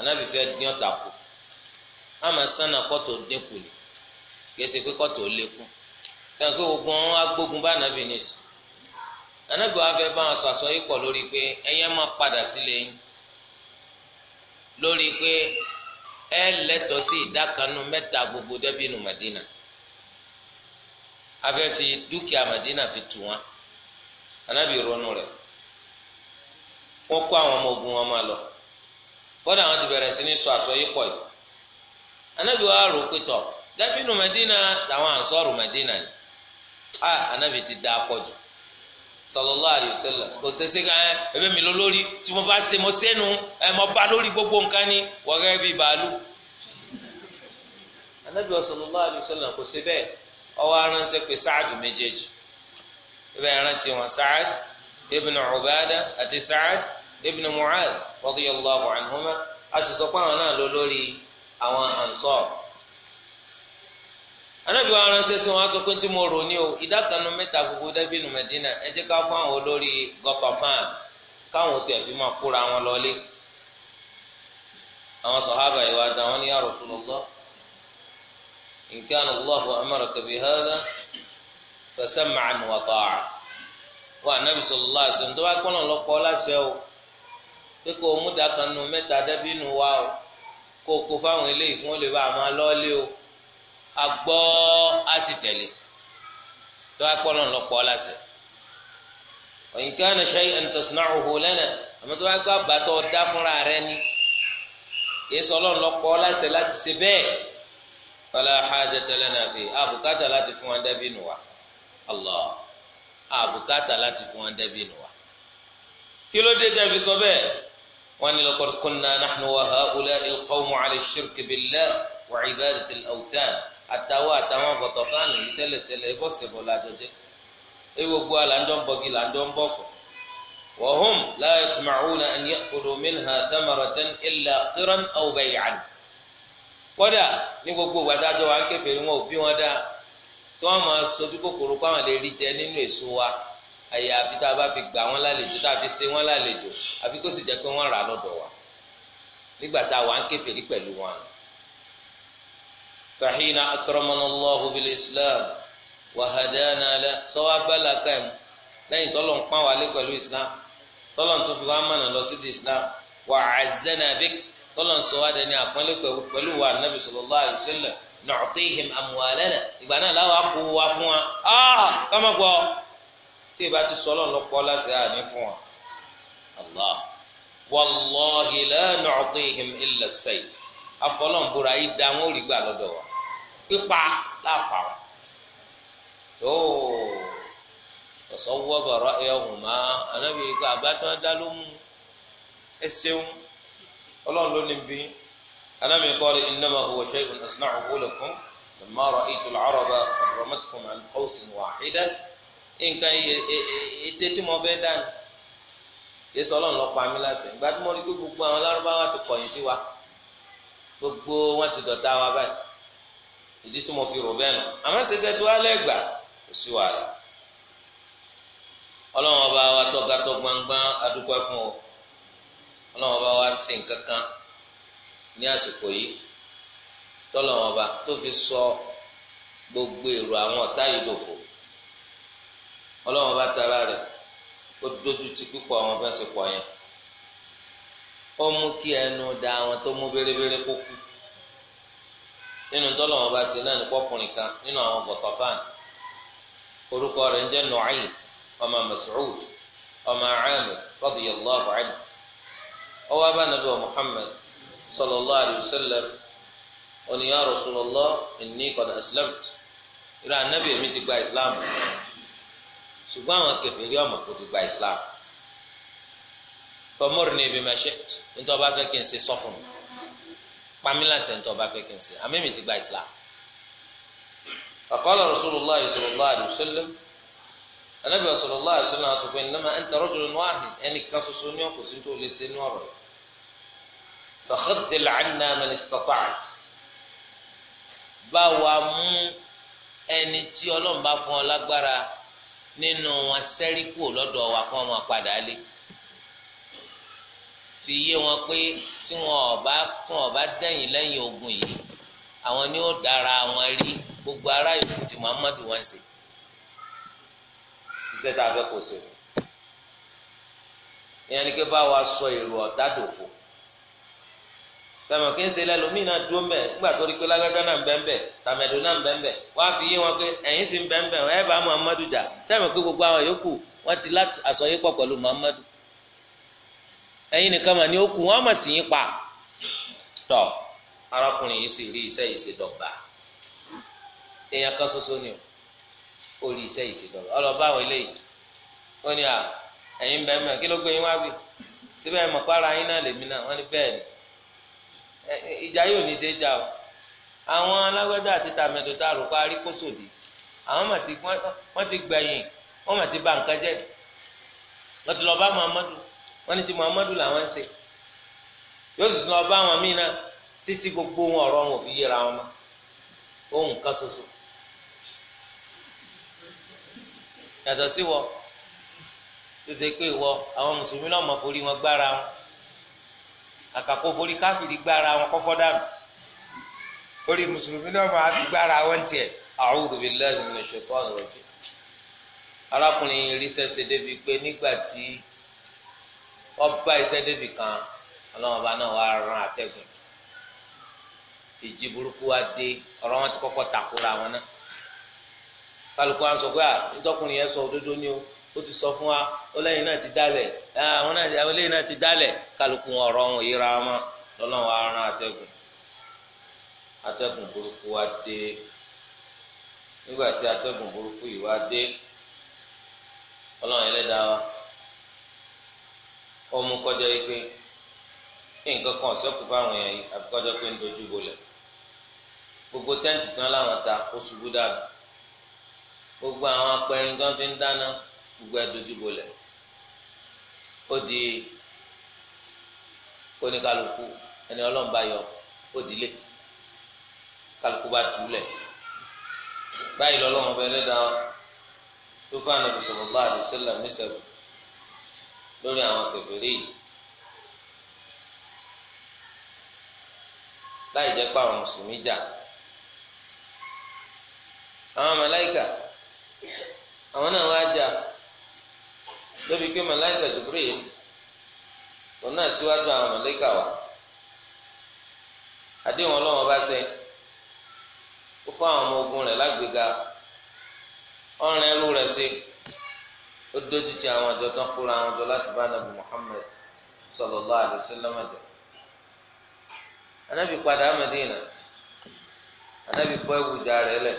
anabi fẹ́ dín ọ̀tà kù ama sanna kọ́tò dínkù ni kẹsì pé kọ́tò lékún kẹ́hìn gbogbo wọn agbógun bá anabi ní sùn anabi wa fẹ́ bá wọn sọ àsọyí pọ̀ lórí pé ẹyẹ máa padà sílé yín lórí pé ẹ lẹ́tọ̀ọ́ sí ìdákanu mẹ́ta gbogbo dẹ́bìnú Madina afẹ́ fi dúkìá Madina fi tù wọn anabi ronú rẹ̀ wọ́n kó àwọn ọmọ ogun wọn ma lọ. kọ́dà àwọn ti bẹ̀rẹ̀ sí ní sọ yìí anabi wa rò a anabi ti da akọ́jù sallallahu alaihi wasallam kò sẹsẹ ká ẹ mi lọ tí mo bá mo ẹ mo bá lórí gbogbo nǹkan ni wọ́n gẹ́gẹ́ bí bàálù anabi wa kò bẹ́ẹ̀ ọwọ́ pé méjèèjì ibn mu'ad radiyallahu anhuma a sì sọ pé àwọn náà lọ lórí àwọn ansar anabi wa ránṣẹ́ sí wọn sọ pé tí mo rò ní o ìdá kan nu mẹ́ta gbogbo dẹbìnú mẹdínà ẹ jẹ́ ká fún àwọn olórí gọkọfàn káwọn tiẹ̀ fi máa kóra wọn lọlé àwọn sọhábà ìwà dá wọn ní ya Rasulullah in kana Allahu amaraka bihadha fasam'an wa ta'a wa anabi sallallahu alaihi wasallam tó bá kọ́ náà lọ́kọ́ láṣẹ o pé kó o mú dàkànnù mẹ́ta dẹ́bínú wa o kó o kó fáwọn eléyìí kí wọ́n lè bá a máa lọ́ọ́lé o a gbọ́ a sì tẹ̀lé tó a pọ́n náà lọ́pọ̀ lásẹ̀ wa in kana shay'an tasna'uhu lana àmọ́ tó a gbọ́ àbátọ́ dá fúnra rẹ ni èso ọlọ́run lọ́pọ̀ lásẹ̀ láti ṣe bẹ́ẹ̀ fala hajata lana fi àbùkátà láti fún wa dẹ́bínú wa Allah àbùkátà láti fún wa dẹ́bínú wa kí ló dé tẹ́ sọ bẹ́ẹ̀ wọ́n ní laqad kunna nahnu wa ha'ula'i al-qawmu 'ala ash-shirki billah wa 'ibadati al-awthan àtàwọn àtàwọn ọ̀gọ̀tọ̀ fáànù yìí tẹ́lẹ̀tẹ́lẹ̀ ẹ bọ́ sẹ̀bọ̀ làjọ jẹ́ ẹ gbogbo àlàjọ ń bọ̀gì làjọ ń an ya'kulu minha thamaratan illa qiran aw bay'an kódà ní gbogbo gbàdájọ wa ń kẹfẹ́ wọn ò bí wọn dáa tí wọ́n máa sojú kòkòrò pàwọn lè rí jẹ nínú èso wa àyàfi tá a bá fi gbà wọ́n lálejò tá a fi ṣe wọ́n lálejò àfi kó sì jẹ́ pé wọ́n rà lọ́dọ̀ wa nígbà tá a wà ń kèfèrí pẹ̀lú wọn. fahina akramanallahu bil islam wahadana la sọwọ abala kaim lẹ́yìn tọlọ ń pọn wálé pẹ̀lú islam tọlọ ń tún fi wá mọnà lọ sí di islam wà azana tọlọ ń sọ wá dání àpọnlé pẹ̀lú wa nabi sallallahu alaihi wasallam nu'tihim amwalana ìgbà náà láwọn akó wa fún wa tí ìbá ti sọ ọlọ́run lọ́pọ̀ láti àní fún wọn allah wàlláhi la nu'tihim illa sayf afọlọ́nbúra yìí dá wọn ò rí gbà lọ́dọ̀ wa pípa láàpá wọn tó ọ̀sọ́wọ́ bọ̀rọ̀ ẹ ọ̀hún mọ́ anábìrì kọ́ àbátí wọn dá ló mú ẹ ṣeun ló ní bí anábìrì kọ́ innama huwa shay'un asna'uhu lakum lamma ra'aytu al-'araba harramatkum 'an qawsin wahidan nǹkan e, e, ète tí mo fẹ́ dání yéésù ọlọ́run ló pa mí láṣẹ ìgbà tí mo rí pé gbogbo àwọn lárúbáwá ti kọ̀yìn sí wa gbogbo wọn ti dọ̀tá wa báyìí ìdí tí mo fi rò bẹ́ẹ̀ nù àmọ́ ṣe tẹ́tí wa lẹ́gbàá kò sí wàhálà ọlọ́run ọba wa tọ́ga tó gbangban adúpẹ́ fún ọ ọlọ́run ọba wa ṣe nǹkan ní àsìkò yìí tọ́lọ́run ọba tó fi sọ gbogbo èrò àwọn ọ̀tá yìí dòfò ọlọ́run bá tara rẹ̀ ó dojú ti pípọ̀ àwọn fẹ́ ṣe pọ̀ yẹn ó mú kí ẹnu da àwọn tó mú bérebére kó kú nínú tọ́lọ́wọ́n bá ṣe náà ní pọ́kùnrin kan nínú àwọn gọ̀tọ̀fán orúkọ rẹ̀ ń jẹ́ nùcáyìn ọmọ Mas'ud ọmọ Amir radiyallahu anhu ọwọ́ bá nàbí wa Muhammad sallallahu alayhi wa sallam oníyà Rasulullah ìrà nàbí èmi ti gba ìsìlámù ṣùgbọ́n àwọn kèfèrí ọmọ kò ti gba islam fọmọrin ibi máa ṣe nítorí ọba fẹ́ kí n ṣe sọ́fún pamílàṣẹ nítorí ọba fẹ́ kí n ṣe àmì mi ti gba islam faqala rasulullah sallallahu alaihi wasallam anabi sallallahu alaihi wasallam asopẹ innama anta rajulun wahid ẹnì kan ṣoṣo ní ọkọ sí tó lè ṣe ní ọ̀rọ̀ yìí fakhaddil anna báwa mú ẹni tí Ọlọ́run fún ọ lágbára nínú wọn sẹ́rí lọ́dọ̀ wa kó wọn padà lé fi yé wọn pé tí wọn ọba kún ọba dẹ́yìn lẹ́yìn ogun yìí àwọn ni ó dára wọn rí gbogbo ará ìlú tí Muhammadu wọn ṣe iṣẹ́ tá a fẹ́ kó ṣe ìyẹn ni pé bá wa sọ èrò ọ̀tá dòfo. sọmọ kí n ṣe lẹ́lòmíì náà dúró mbẹ́ tó rí pé náà ń bẹ́ náà ń wá fi yé wọn pé ẹ̀yìn sì ń bẹ́ mbẹ́ bá muhammadu jà sọmọ pé gbogbo àwọn yòókù wọn ti láti àsọyé pọ̀ pẹ̀lú muhammadu nìkan mà ní ó kù wọn mà sì yín pa tọ arákùnrin yìí sì rí iṣẹ́ yìí ṣe dọ̀gba èèyàn ìjà yóò ní í ṣe jà o àwọn alágbádá àti tàmẹ̀dò tá a rò pa rí kó sòdì àwọn wọ́n ti gbẹ̀yìn wọ́n mà ti bà nǹkan jẹ́ wọ́n ti lọ bá Muhammadu wọ́n ní ti Muhammadu làwọn ń ṣe yóò sì lọ bá àwọn míì náà títí gbogbo wọn ọ̀rọ̀ wọn ò fi yéra wọn mọ́ ohun kan ṣoṣo yàtọ̀ sí wọ tó ṣe pé ìwọ àwọn mùsùlùmí náà mọ̀ forí wọn gbára wọn àkàkọ forí káfíìrì gbára wọn kọ́fọ́ dànù orí mùsùlùmí náà máa fi gbára wọn tiẹ̀ a'udhu billahi minash shaitani rajim arákùnrin rí sẹ́sẹ́ débi pé nígbà tí ọba iṣẹ́ débi kan ọlọ́run ọba náà wàá ran àtẹ̀gùn ìjì burúkú wa dé ọ̀rọ̀ wọn ti kọ́kọ́ takora wọn náà kálukú wa sọ pé à ìtọ́kùnrin yẹn sọ òdodo ni o. ó ti sọ fún wa ó lẹ́yìn náà ti dálẹ̀ ah, àwọn náà ti àwọn lẹ́yìn náà ti dálẹ̀ kálukú ọ̀rọ̀ wọn yíra wọn lọ́lọ́run wa rán atẹ́gùn atẹ́gùn burúkú wa dé nígbà tí atẹ́gùn burúkú yìí wá dé ọlọ́run ẹlẹ́dàá wa ó mú kọjá yìí pé nǹkan kan ọ̀sẹ́kù fáwọn èèyàn yìí àfi kọjá pé ń dojú bolẹ̀ gbogbo tẹ́ǹtì tán láwọn ta ó ṣubú dànù gbogbo àwọn apẹ̀rin tó ń fi ń dáná gbogbo adójúbolẹ̀ ó di oníkàlùkù ẹni ọlọ́mba yọ ó dilé kàlùkù bá túlẹ̀ báyìí lọ́lọ́wọ́n bẹ lẹ́dá tó fún Ànábì sallallahu alaihi wasallam níṣẹ́bù lórí àwọn kèfèrí yìí láì jẹ́ pé àwọn mùsùlùmí jà àwọn màláíkà àwọn náà wá jà débi pé màláìkà Jibril òun náà síwájú àwọn màláìkà wa àdéhùn ọlọ́wọ́n bá ṣe ó fún àwọn ọmọ ogun rẹ̀ lágbèéga ọ̀rìn ẹrú rẹ̀ ṣe ó dójú ti àwọn àjọ tán kóra àwọn àjọ láti bá nàbì Muhammad sallallahu alaihi wasallam jẹ anabi padà Madina anabi bọ́ ẹwùjà rẹ̀ lẹ̀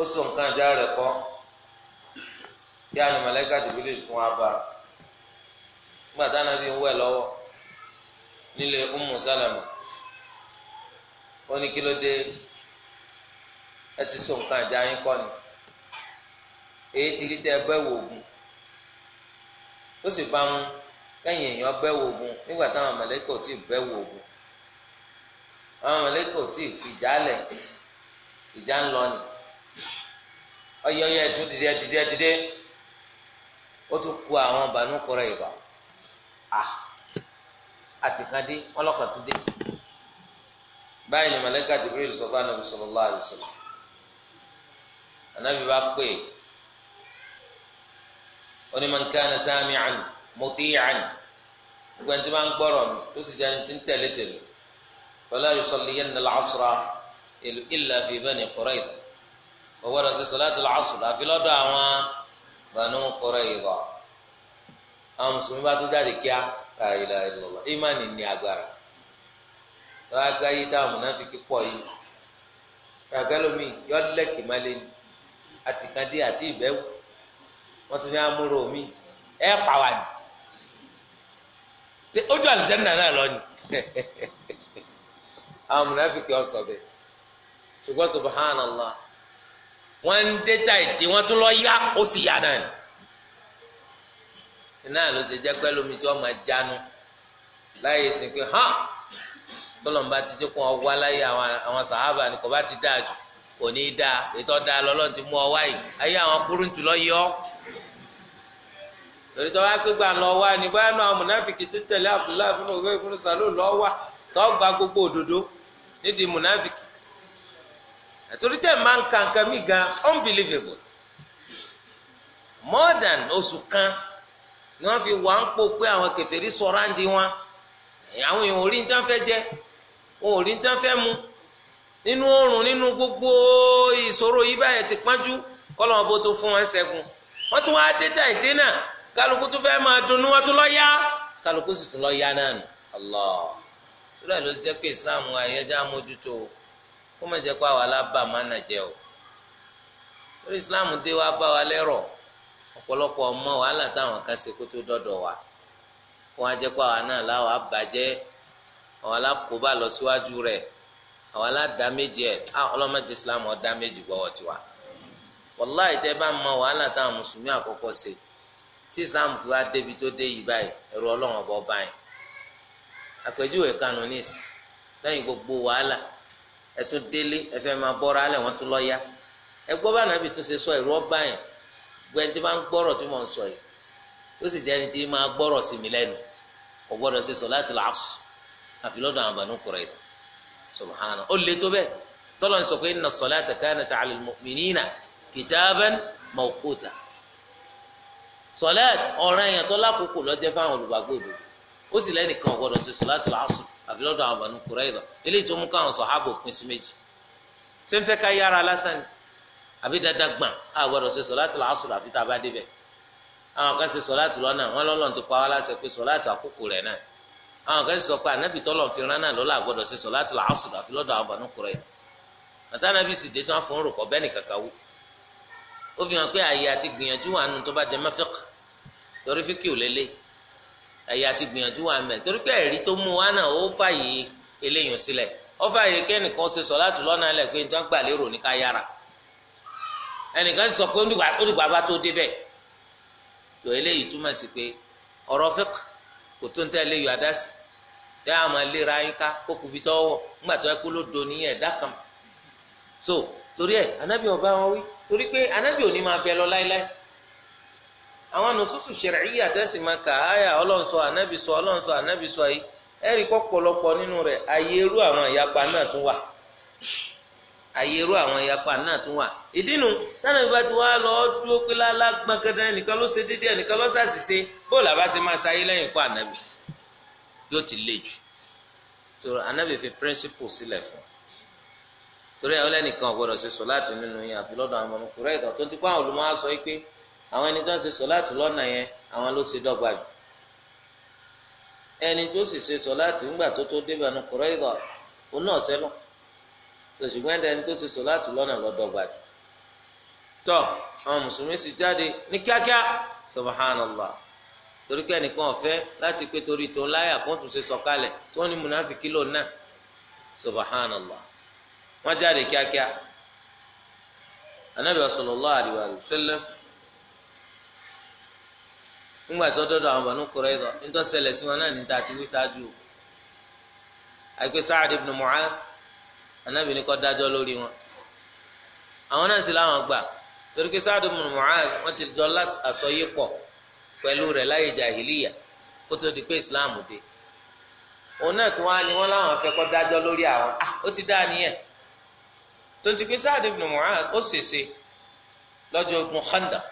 ó so nǹkan ìjà rẹ̀ kọ́. kí àná mọ̀lẹ́kà jìbìlì tún wá bá gbàtà náà bí ń wẹ̀ lọ́wọ́ nílé Ummu Salama ó ní kí ló so nǹkan yín ni èyí ti rí tẹ bẹ́ẹ̀ wò ogun ó sì bá mu kẹ́yìn èèyàn bẹ́ẹ̀ wò ogun nígbà táwọn mọ̀lẹ́kà tí ì bẹ́ẹ̀ wò ogun àwọn tí ì fi jálẹ̀ ìjà ó tún kó àwọn Banu Qurayza ah, àtìkandé ọlọ́kàtúndé báyìí ni màláíkà Jibril sọ fún anabi sallallahu alaihi wasallam anabi bá pè ó ní man kana sami'an muti'an gbogbo ẹni tí wọ́n gbọ́rọ̀ mi tó sì jẹ́ ẹni tí ń tẹ̀lé tẹ̀lé fala yusalliyanna al-asra illa fi Bani Qurayza òwúrọ̀ sí salatul asr àfi lọ́dọ̀ àwọn. Banu Qurayza àwọn mùsùlùmí bá tó jáde kíá la ilaha illallah ìmánì ní agbára lọ́wọ́ agbá yìí táwọn mùnáfíkì pọ̀ yìí ràgálómi yọ lẹ́kì ni lé àti ìbẹ́wò tún ní amúrò mi ní ṣe ojú àlùjánnà náà lọ ni <laughs> àwọn mùnáfíkì ọ̀sọ̀ wọ́n ń dẹ́ta èdè wọ́n tún lọ yá ó sì yá náà ni náà ló ṣe jẹ́ pẹ́lú mi tí wọ́n máa jánu láyé sìn pé hàn tọ́lọ́mùbá ti jẹ́ kó wọn wá láyé àwọn sàhábà ni kò bá ti dáa jù kò ní í dáa ètò ọ̀dà lọ́lọ́run ti mú ọ wáyé ayé àwọn kúrú ń tù lọ yọ torí tó wá gbégbá lọ wá ní báyà náà àwọn mùnáfìkì ti tẹ̀lé Abdullahi fúnú òwe fúnú sàlù lọ wà tó gba gbogbo òdodo nídìí torí ma ka unbelievable more than kan ni wọ́n fi wà ń po pé àwọn kèfèrí sọ̀rọ̀ àǹdí wọn àwọn èèyàn orí fẹ́ wọn orí fẹ́ mu nínú oorun nínú gbogbo ìṣòro yìí báyẹn ti pọ́njú kọ́lọ́mọ bó tó fún wọn ṣẹ́gun wọ́n tún wá dé tàì dé náà kálukú tún fẹ́ máa dunnú tún lọ yá kálukú sì tún lọ yá náà nù Islam ayẹyẹ jẹ́ o. kó má jẹ́ pé àwa lábà má nà jẹ́ o lórí islam dé wá bá wa lẹ́rọ̀ ọ̀pọ̀lọpọ̀ ọmọ wàhálà táwọn kan ṣe kó tó dọ́dọ̀ wa kó wá jẹ́ pé àwa náà láwa bàjẹ́ àwa lákòóbá lọ síwájú rẹ̀ àwa ládàá méjì ẹ̀ ah, islam ọ̀dá méjì gbọ́wọ́ tiwa bá mọ wàhálà táwọn mùsùlùmí àkọ́kọ́ ṣe tí ẹ tún délé ẹ fẹ́ máa bọ́ra alẹ́ wọn tún lọ yá ẹ gbọ́ bá nàbì tún ṣe sọ ìrú ọba yẹn gbẹ́ni tí máa ń gbọ́rọ̀ tí mò ń sọ yìí ó sì jẹ́ ẹni tí máa gbọ́rọ̀ sí mi lẹ́nu kò gbọ́dọ̀ ṣe sọ láti làásù àfi lọ́dọ̀ àwọn Banu Qurayza subhana ó le tó bẹ́ẹ̀ tọ́lọ̀ ń sọ pé inna salata kanat ala al-mu'minina kitaban mawquta sọ̀láàtì ọ̀ranyàn tó lákòókò lọ́jẹ́ fáwọn olùgbàgbọ́ òdodo ó sì lẹ́nìkan gbọ́dọ̀ ṣe sọ láti làásù àfi lọ́dọ̀ àwọn Banu Qurayza eléyìí tó mú káwọn sọ̀hábò pín sí méjì ṣé ń fẹ́ ká yára lásán ni àbí dandan gbọ̀n a gbọ́dọ̀ ṣe sọ̀láàtul asr àfi tá a bá débẹ̀ àwọn kan ṣe sọ̀láàtù lọ́nà wọn lọ́lọ́run ti pa wá láṣẹ pé sọ̀láàtù àkókò rẹ̀ náà àwọn kan sọ pé ànábì tọ́lọ̀ fi rán náà lọ́la gbọ́dọ̀ ṣe sọ̀láàtul asr àfi lọ́dọ̀ àwọn Banu Qurayza àtànàbì ẹ̀yà ti gbìyànjú wa mẹ́ torí pé ẹ̀rí tó mú wa náà ó fàyè eléyìí sílẹ̀ ó fàyè kẹ́nìkan ṣe sọ láti lọ́nà ẹlẹ́ pé nítorí gbà lérò ní ká yára ẹnìkan sọ pé ó dìgbà bá tó débẹ̀ tó eléyìí túmọ̀ sí pé ọ̀rọ̀ fẹ́k kò tó ń tẹ́ adásí tẹ́ àmọ́ so torí ẹ̀ anábì ọba wọn wí torí pé anábì òní máa bẹ lọ àwọn nùsùsù ṣẹ̀rẹ̀yà tẹ́sí máa kà áyà ọlọ́run sọ ànábì sọ ọlọ́run sọ ànábì sọ yìí ẹ̀rí kọ́ pọ̀lọpọ̀ nínú rẹ̀ ayé irú àwọn ìyapa náà tún wà ayé irú àwọn ìyapa náà tún wà ìdínú tánàbí bá ti wá lọ dúró pé lálá gbọ̀ngàdá ẹnìkan ló ṣe déédéé ẹnìkan ló ṣàṣìṣe bóòlù àbá ṣe máa ṣayé lẹ́yìn ikú ànábì yóò ti le jù tó ànábì fi píríncípù sílẹ̀ fún torí ẹ̀ ọlẹ́nìkan ọ̀gbọ́dọ̀ ṣe sọ láti nínú yín àfi lọ́dọ̀ àwọn ọmọ ọmọkùnrin ẹ̀dọ̀ tó ti kó àwọn olùmọ̀ á yìí pé àwọn ẹni tó ń ṣe sọláàtì lọ́nà yẹn àwọn ló ṣe dọ́gba jù ẹni tó sì ṣe sọláàtì ńgbà tó tó débẹ̀ nu kúrọ́ ìgbà òun náà sẹ́nu tó ṣùgbọ́n ẹni tó ṣe sọláàtì lọ́nà ló dọ́gba jù tọ́ àwọn mùsùlùmí sì jáde ní kíákíá subhanallah torí pé ẹnìkan ọ̀fẹ́ láti pé torí tó láyà kó tún ṣe sọ̀kalẹ̀ tó ní munafiki lò náà subhanallah wọ́n jáde kíákíá anabi sallallahu alaihi wa ńgbà tó dọdọ àwọn Banu Qurayza nítorí ṣẹlẹ̀ sí wọn náà ní ta ti wí ṣáájú o àìpé Sa'ad ibn Mu'adh anábì ní kó dájọ́ lórí wọn àwọn náà sì láwọn gbà torí pé Sa'ad ibn Mu'adh wọn ti jọ àsọyé pọ̀ pẹ̀lú rẹ̀ láyé jahiliya kó tó di pé Islam dé òun náà tí wọn á ní wọn láwọn fẹ́ kó dájọ́ lórí àwọn ó ti dá nìyẹn tó ti pé Sa'ad ibn Mu'adh ó ṣèṣe lọ́jọ́ ogun Khandaq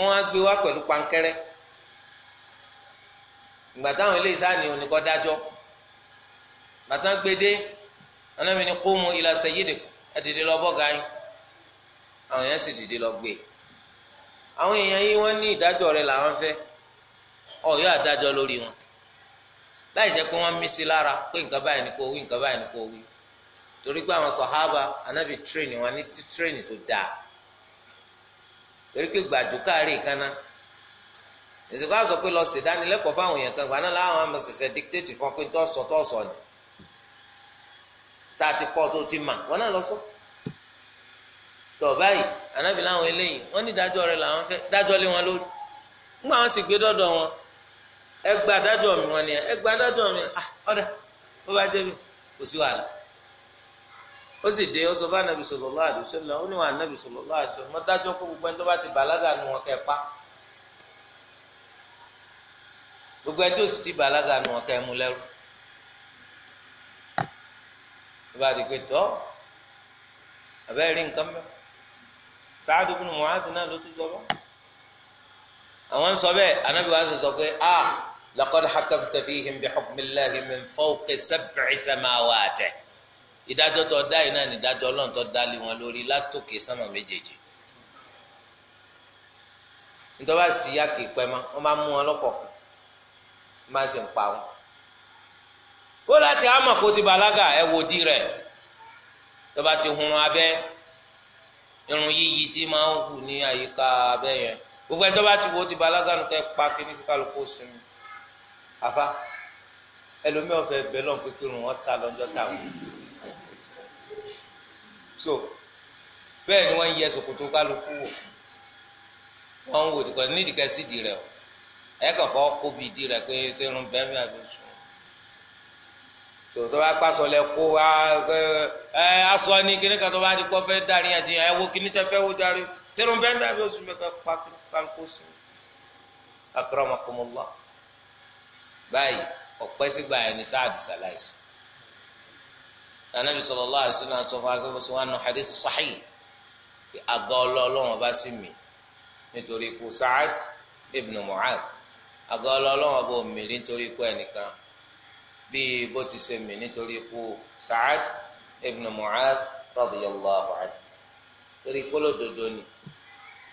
wọn á gbé wá pẹ̀lú pankẹ́rẹ́ ìgbà táwọn eléyìí sáà ní oníkọ́ dájọ́ bàtà gbédé anábì ní kó mu ilà sẹ́yìdì ẹ̀dìdì lọ bọ́gà yín àwọn èèyàn sì dìdì lọ gbé àwọn èèyàn yìí wọ́n ní ìdájọ́ rẹ̀ làwọn fẹ́ ọ̀yọ́ àdájọ́ lórí wọn láì jẹ́ pé wọ́n mí sí lára pé nǹkan báyìí ni kò wí nǹkan báyìí ni kò wí torí pé àwọn sọ̀hábà anábì tírèènì wọn ní tírèènì tó dáa torí pé gbàdú káàárẹ̀ kaná ìsìnkú àsọ pé lọ ṣèdánilẹ́kọ̀ọ́ fáwọn èèyàn kan gbaná láwọn àmọ̀ ṣẹ̀ṣẹ̀ díktéètì fún ọ pé tọ́sọ̀ tọ́sọ̀ ni tá a ti kọ́ tó ti mà wọ́n náà lọ sọ. tọ́ báyìí anábì láwọn eléyìí wọ́n ní dájọ́ rẹ̀ làwọn fẹ́ dájọ́ lé wọn lórí wọn sì gbé dọ́dọ̀ wọn ẹ gba mi wọn ni ẹ gba mi ah, ó sì dé ó sọ fún anabi sallallahu alaihi wasallam ó ní wọn anabi sallallahu alaihi wasallam wọn dájọ kó gbogbo ẹni tó bá ti bàlágà nu wọn kẹ pa gbogbo ẹni tó sì ti bàlágà nu wọn kẹ mú lẹ́rú tó bá di pé tọ́ àbẹ́rẹ́ rí nǹkan mẹ́rin Sa'adu bin Mu'adh náà ló tún sọ bọ́ àwọn sọ bẹ́ẹ̀ anabi wa sọ pé a ah, laqad hakamta fihim bi hukmillahi min fawqi sab'i samawati ìdájọ́ tó dá yìí náà ní ìdájọ́ ọlọ́run tó dá lé wọn lórí látòkè sánmà méjèèjì nítorí bá sì ti yá kì í pẹ́ mọ́ wọ́n máa mú wọn lọ́kọ̀ọ̀kan wọ́n máa sì ń pa wọn. ó láti àmọ̀ kó ti bàlágà ẹ wo di rẹ̀ tó bá ti hun abẹ́ irun yíyí tí máa ń hù ní àyíká abẹ́ yẹn gbogbo ẹ̀ tó bá ti wo ti bàlágà nù kẹ́ pa kíní kíkàlùkù sinmi àfa ẹlòmíọ̀ fẹ́ pé kírun wọn sá lọ́jọ́ táwọn so bẹ́ẹ̀ ni wọ́n yẹ ṣòkòtò kálukú wò wọ́n ń wò tìkọ̀ nídìí ká sídi rẹ̀ o ẹ̀ kàn fọ́ kóbi ìdí rẹ̀ pé tí irun bẹ́ẹ̀ mi àbí sùn so tó bá pàṣọ lẹ kó wa ẹ aṣọ ni kíní kan tó bá di kọ́ fẹ́ darí àti ẹ wo kíní tẹ fẹ́ wo darí tí irun bẹ́ẹ̀ mi àbí sùn bẹ́ẹ̀ kọ́ pa kálukú sí i akramakumullah báyìí ọ̀pẹ́ sígbà ẹni sáà dì anabi sallallahu alaihi wasallam sọ fún akẹ́kọ̀ọ́ sí wọn nù hadith sahih àgọ́ ọlọ́ọ̀lọ́wọ́n bá sí mi nítorí ikú Sa'ad ibn Mu'adh àgọ́ ọlọ́ọ̀lọ́wọ́n bò mí nítorí ikú ẹnìkan bíi bó ti ṣe mí nítorí ikú Sa'ad ibn Mu'adh radiyallahu anhu torí kólódodo ni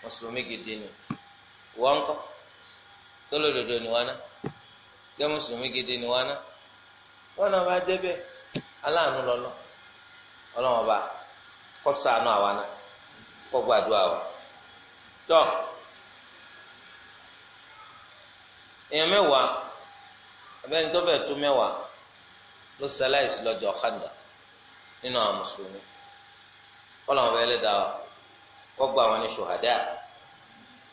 mùsùlùmí gidi ni wọ́n ń kọ́ kólódodo ni wọ́n ná jẹ́ mùsùlùmí gidi ni wọ́n ná wọ́n náà bá jẹ́ bẹ́ẹ̀. aláàánú lọ́lọ́ ọlọ́wọ́n bá kọ́ sànú àwa náà kọ́ gbàdúrà wa tọ́ èèyàn mẹ́wàá abẹ́ni tó fẹ́ẹ́ tó mẹ́wàá ló ṣaláìsí lọ́jọ́ Khandaq nínú àwọn mùsùlùmí kọ́lọ́wọ́n bá ẹlẹ́dàá wa kọ́ gba àwọn ní ṣùhàdá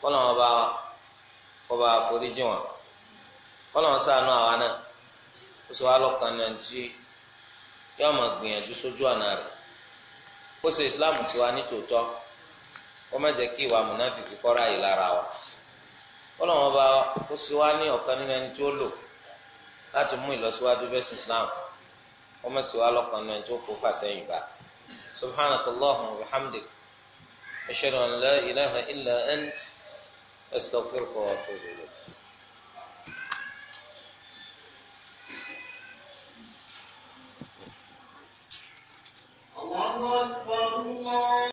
kọ́lọ́wọ́n bá kọ́ bá foríjì wọn kọ́lọ́wọ́n sànú àwa náà ó sọ wá lọ́kàn náà tí. yóò máa gbìyànjú sójú ọ̀nà rẹ̀ ó ṣe islam tiwa ní tòótọ́ ó má jẹ́ kí ìwà múnáfíkì kọ́ra yìí lára wa ọlọ́wọ́n bá ó sì wá ní ọ̀kan nínú ẹni tí ó lò láti mú ìlọsíwájú bẹ́ẹ̀ islam ó má sì wá lọ́kàn nínú ẹni tí ó kó fà sẹ́yìn bá subhanaka allahumma wa bihamdik ashhadu an la ilaha illa ant astaghfiruka wa atubu ilayk. أكبر الله